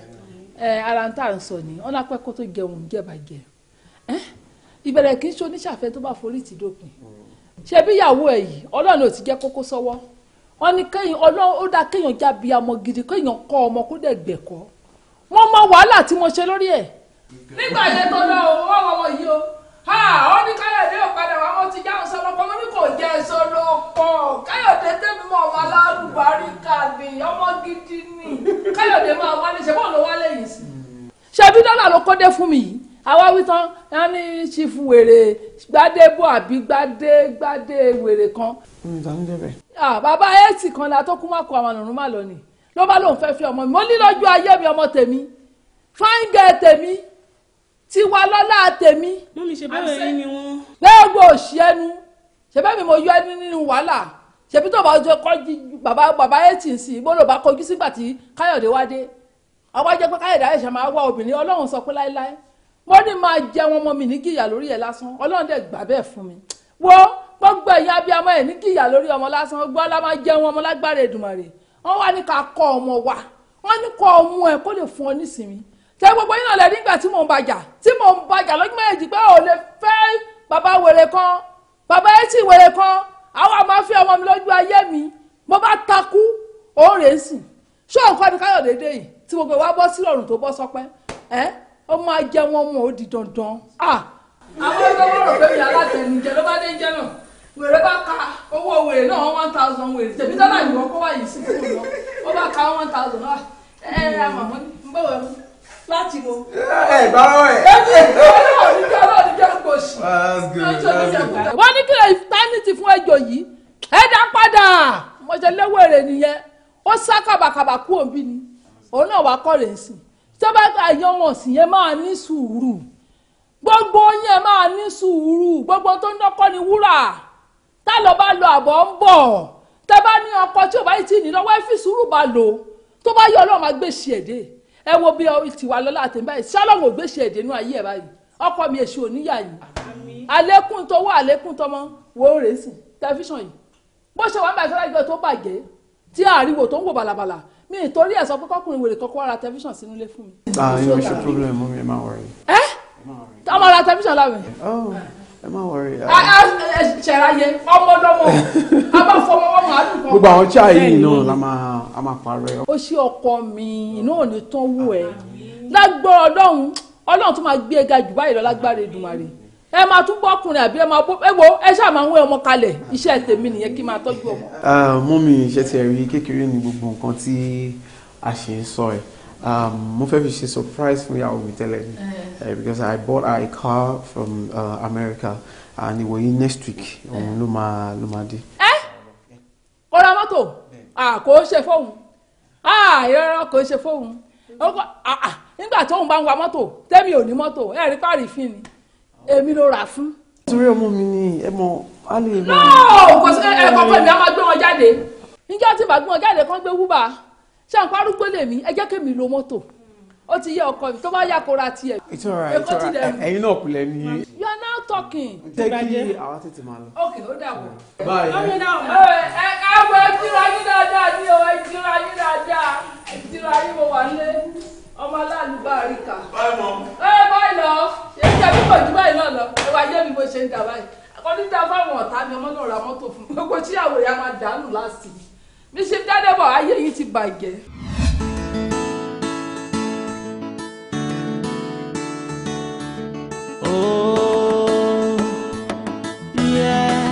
ẹ ara ń tà ń sọ ni ọ̀nà pẹ́ kó tó jẹun jẹ̀bàjẹ́ ìbẹ̀rẹ̀ kì í ṣe oníṣàfẹ́ tó bá forí ti dópin ṣe bí ìyàwó ẹ̀ yìí ọlọ́run ò ti jẹ́ kókó sọ́wọ́ wọn ni kéèyàn ọlọ́run ó dáa kéèyàn já bí amọ gidi kéèyàn kọ́ ọmọ kó dẹ̀ gbẹ̀kọ́ wọn mọ wàhálà tí mo ṣe lórí ẹ̀ nígbà yẹn tó lọ òun wọ́n wọ́n yìí o ó ní káyọ̀dé ò padà wá wọn ti jáhùn sọlọpọ mo ní kò jẹ́ sọlọpọ káyọ̀dé tẹ́mi mọ̀ wá lárúbáríkà ni ọmọ gidi ni káyọ̀dé máa wá ní ṣẹ́bọ̀n ló wá lẹ́yìn sí. ṣebí dọ́là ló kó dé fún mi yìí àwa wí tán wọn ní ṣífù wèrè gbádébò àbí gbádé gbádé wèrè kan. bàbá ẹ̀ẹ́tì kan la tó kú má kó àwọn ọ̀run má lọ ni ló bá lóun fẹ́ fi ọmọ mi mo ní lọ́jọ́ ayé mi ọmọ tèmi fáńgẹ̀ tèmi tiwa lọ́la tèmi. mú mi ṣe bẹ́ẹ̀ yín ni wọ́n. gbẹ́gbẹ́ òṣì ẹnu ṣe bẹ́ẹ̀ mi mo yọ ẹni nínú wàhálà ṣebí tó bá jọ kọjú bàbá bàbá etí sí i gbọ́dọ̀ bá kọjú sígbà tí káyọ̀dé wá dé ọwọ́ jẹ́ pé káyọ̀dé àyẹ̀ṣẹ̀ máa wá obìnrin ọlọ́run sọ pé láéláé mo ní máa jẹun ọmọ mi ní kíyà lórí ẹ̀ lásán ọlọ́run dẹ̀ gbà bẹ́ẹ̀ fún mi wo gbogbo ẹ̀yin abiyamọ ẹ̀ ní kíyà lórí ọmọ lásán gbọ́ la máa jẹun ọmọ lágbára Èdùmàrè wọ́n wá ní ká kọ́ ọmọ wa wọ́n ní kọ́ ọmọ ẹ̀ kó ṣé gbogbo yín náà lẹ nígbà tí mò ń bàjà tí mò ń bàjà lọ́jọ́ méjì pé ò lè fẹ́ bàbá wèrè kan bàbá etí wèrè kan àwọn àmọ́ fi ọmọ mi lójú ayé mi mo bá takú òórè ń sìn ṣé òǹkọ́ ni káyọ̀dé dé yìí tí gbogbo wa bọ́ sí ọ̀run tó bọ́ sọpẹ́ ẹ́ ó máa jẹ́ wọn mọ̀ ó di dandan. àwọn ẹgbẹ́ wọn rò pé mi alátẹnujẹ ló bá dé jẹ́ náà wèrè bá ka owó wèrè náà one thousand wèrè tèmi dọ́là ìwọ̀n kó wáyé sí fún mi lọ ó bá ka one thousand náà ẹ ẹ àmọ́ mo ní bọ́wọ́ mi láti mo. ẹ bá ọ ẹ. ẹbí ọlọ́run níjẹ́ ọlọ́run níjẹ́ gbòòsì. wọ́n ní kí ìfẹ́nìtì fún ẹjọ́ yìí ẹ dá padà mọ̀jẹ̀ léwèrè nìyẹn ó sá kàbàkàbà kú òbí ni òun náà wàá kọ́ rẹ̀ sí tó bá gba ẹ̀yàn wọn sì yẹn máa ní sùúrù gbogbo yẹn máa ní sùúrù gbogbo tó ń dọ́kọ́ ni wúrà tá lọ bá lọ àbọ̀ ń bọ̀ tẹ bá ní ọkọ tí ò bá yìí tì ní lọ́wọ́ fi sùúrù bá lò tó bá yọ ọlọ́run máa gbèsè ẹ̀ dé ẹ wo bí tiwa lọ́la àtẹ̀ báyìí sọ́lọ́wọ́ ògbésẹ̀ ìdènà ayé ẹ̀ báyìí ọkọ mi èṣù òníyà yìí àlékún tó wà àlékún tọmọ wò ó rèé sìn tẹlifíṣàn yìí bó ṣe wà ń bàjẹ́ lágbẹ́ tó bàjẹ́ tí àríwò tó ń wò bàlàbàlà mi ìtorí ẹ̀ sọ pé kọkùnrin wèrè kọ́kọ́ ra tẹlifíṣàn sínú ilé fún mi. ààyè o ṣe problem mú mi ẹ má wọrí. ẹ ọmọ ra tẹlifíṣàn láwìn. Oh ẹ má wọrí. Um, ṣẹ̀ráyé ọmọdọ́mọ a máa fọmọ wọn máa dùn kan. gbogbo àwọn chai yìí náà la máa a máa parẹ́. ó ṣe ọkọ mi iná ò ní tán wù ẹ́ lágbọ́ ọlọ́run ọlọ́run tó máa gbé ẹ ga jù báyìí lọ lágbára Èdùmàrè ẹ máa tún bọ́ ọkùnrin àbí ẹ máa bọ́ ẹ wo ẹ ṣáà máa ń wé ọmọ kalẹ̀ iṣẹ́ tèmi nìyẹn kí n máa tọ́jú ọmọ. Ah, mọ́mí iṣẹ́ ti ẹ̀rí kékeré ni gbogbo nǹkan tí a ṣe ń sọ ẹ̀ um, mo fẹ́ fi ṣe surprise fún ìyàwó mi uh, tẹ́lẹ̀ ni because I bought her a car from uh, America and ìwòye next week òun ló máa ló máa dé. ẹ kó ra mọ́tò kò ṣe fóun ìrora kò ṣe fóun nígbà tóun bá ń wa mọ́tò tẹ́mi ò ní mọ́tò ẹ̀ rí pàrí fún mi èmi ló rà fún. nítorí ọmọ mi ni ẹ mọ a lè. náà kò sí ẹ kọ́kọ́ mi a máa gbé wọn jáde níjọ́ tí màá jáde kán gbé wúbà ṣé à ń parúgbó lèmi ẹ jẹ́ kémi lo mọ́tò ó ti yẹ ọkọ mi tó bá yà kó ra it's alright it's alright ẹ̀yin náà kulẹ̀ ni. you are now talking. jẹ́ kí àwa tètè máa lọ. ok ó dà báyìí ẹ ẹ káwọ ẹ jíra yín dáadáa ní o ẹ jíra yín dáadáa ẹ jíra yín mo wà lé ọmọ aláàlú bá a rí ká. báyìí lọ. ẹ báyìí lọ èyí ṣe àbí pọ̀jù báyìí náà lọ ẹ wá mi bó ṣe ń dà báyìí. akọ́ni dá fáwọn ọ̀tá mi ọmọ náà ra mọ́tò fún mi gbogbo tíyàwó rẹ̀ máa dànù láti mi ṣe ayé yìí ti bàjẹ́. Oh, yeah,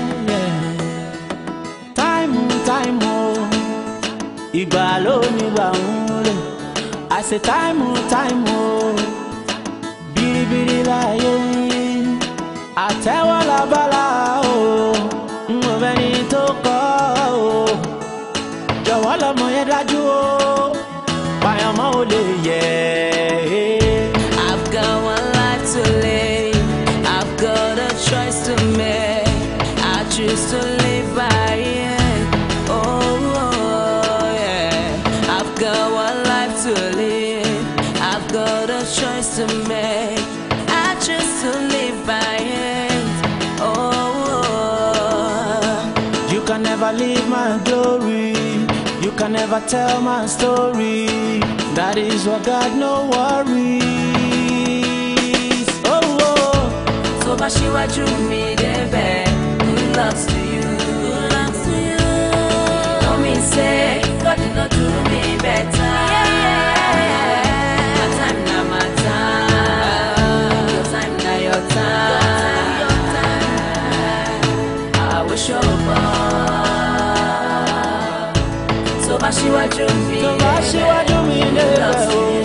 Time, time, oh. Ìgbà ló ní ìgbà ń lè, àṣẹ táìmù táìmù o, bìrìbìrì láyé, àtẹ́wọ́ lábala o. Oh. lọ́mọ yẹn dájú o pààyàn mọ́ ò lè yẹ. can never tell my story. That is what God no worries. Oh, oh. So Bashiwa drew me the bed. Good loves to you. Good loves to you. Don't me say God did not do me better. Yeah. time now, my time. Your time now, your time. Your time, your time. I wish you. aṣíwájú mi. tó bá aṣíwájú mi lè wò.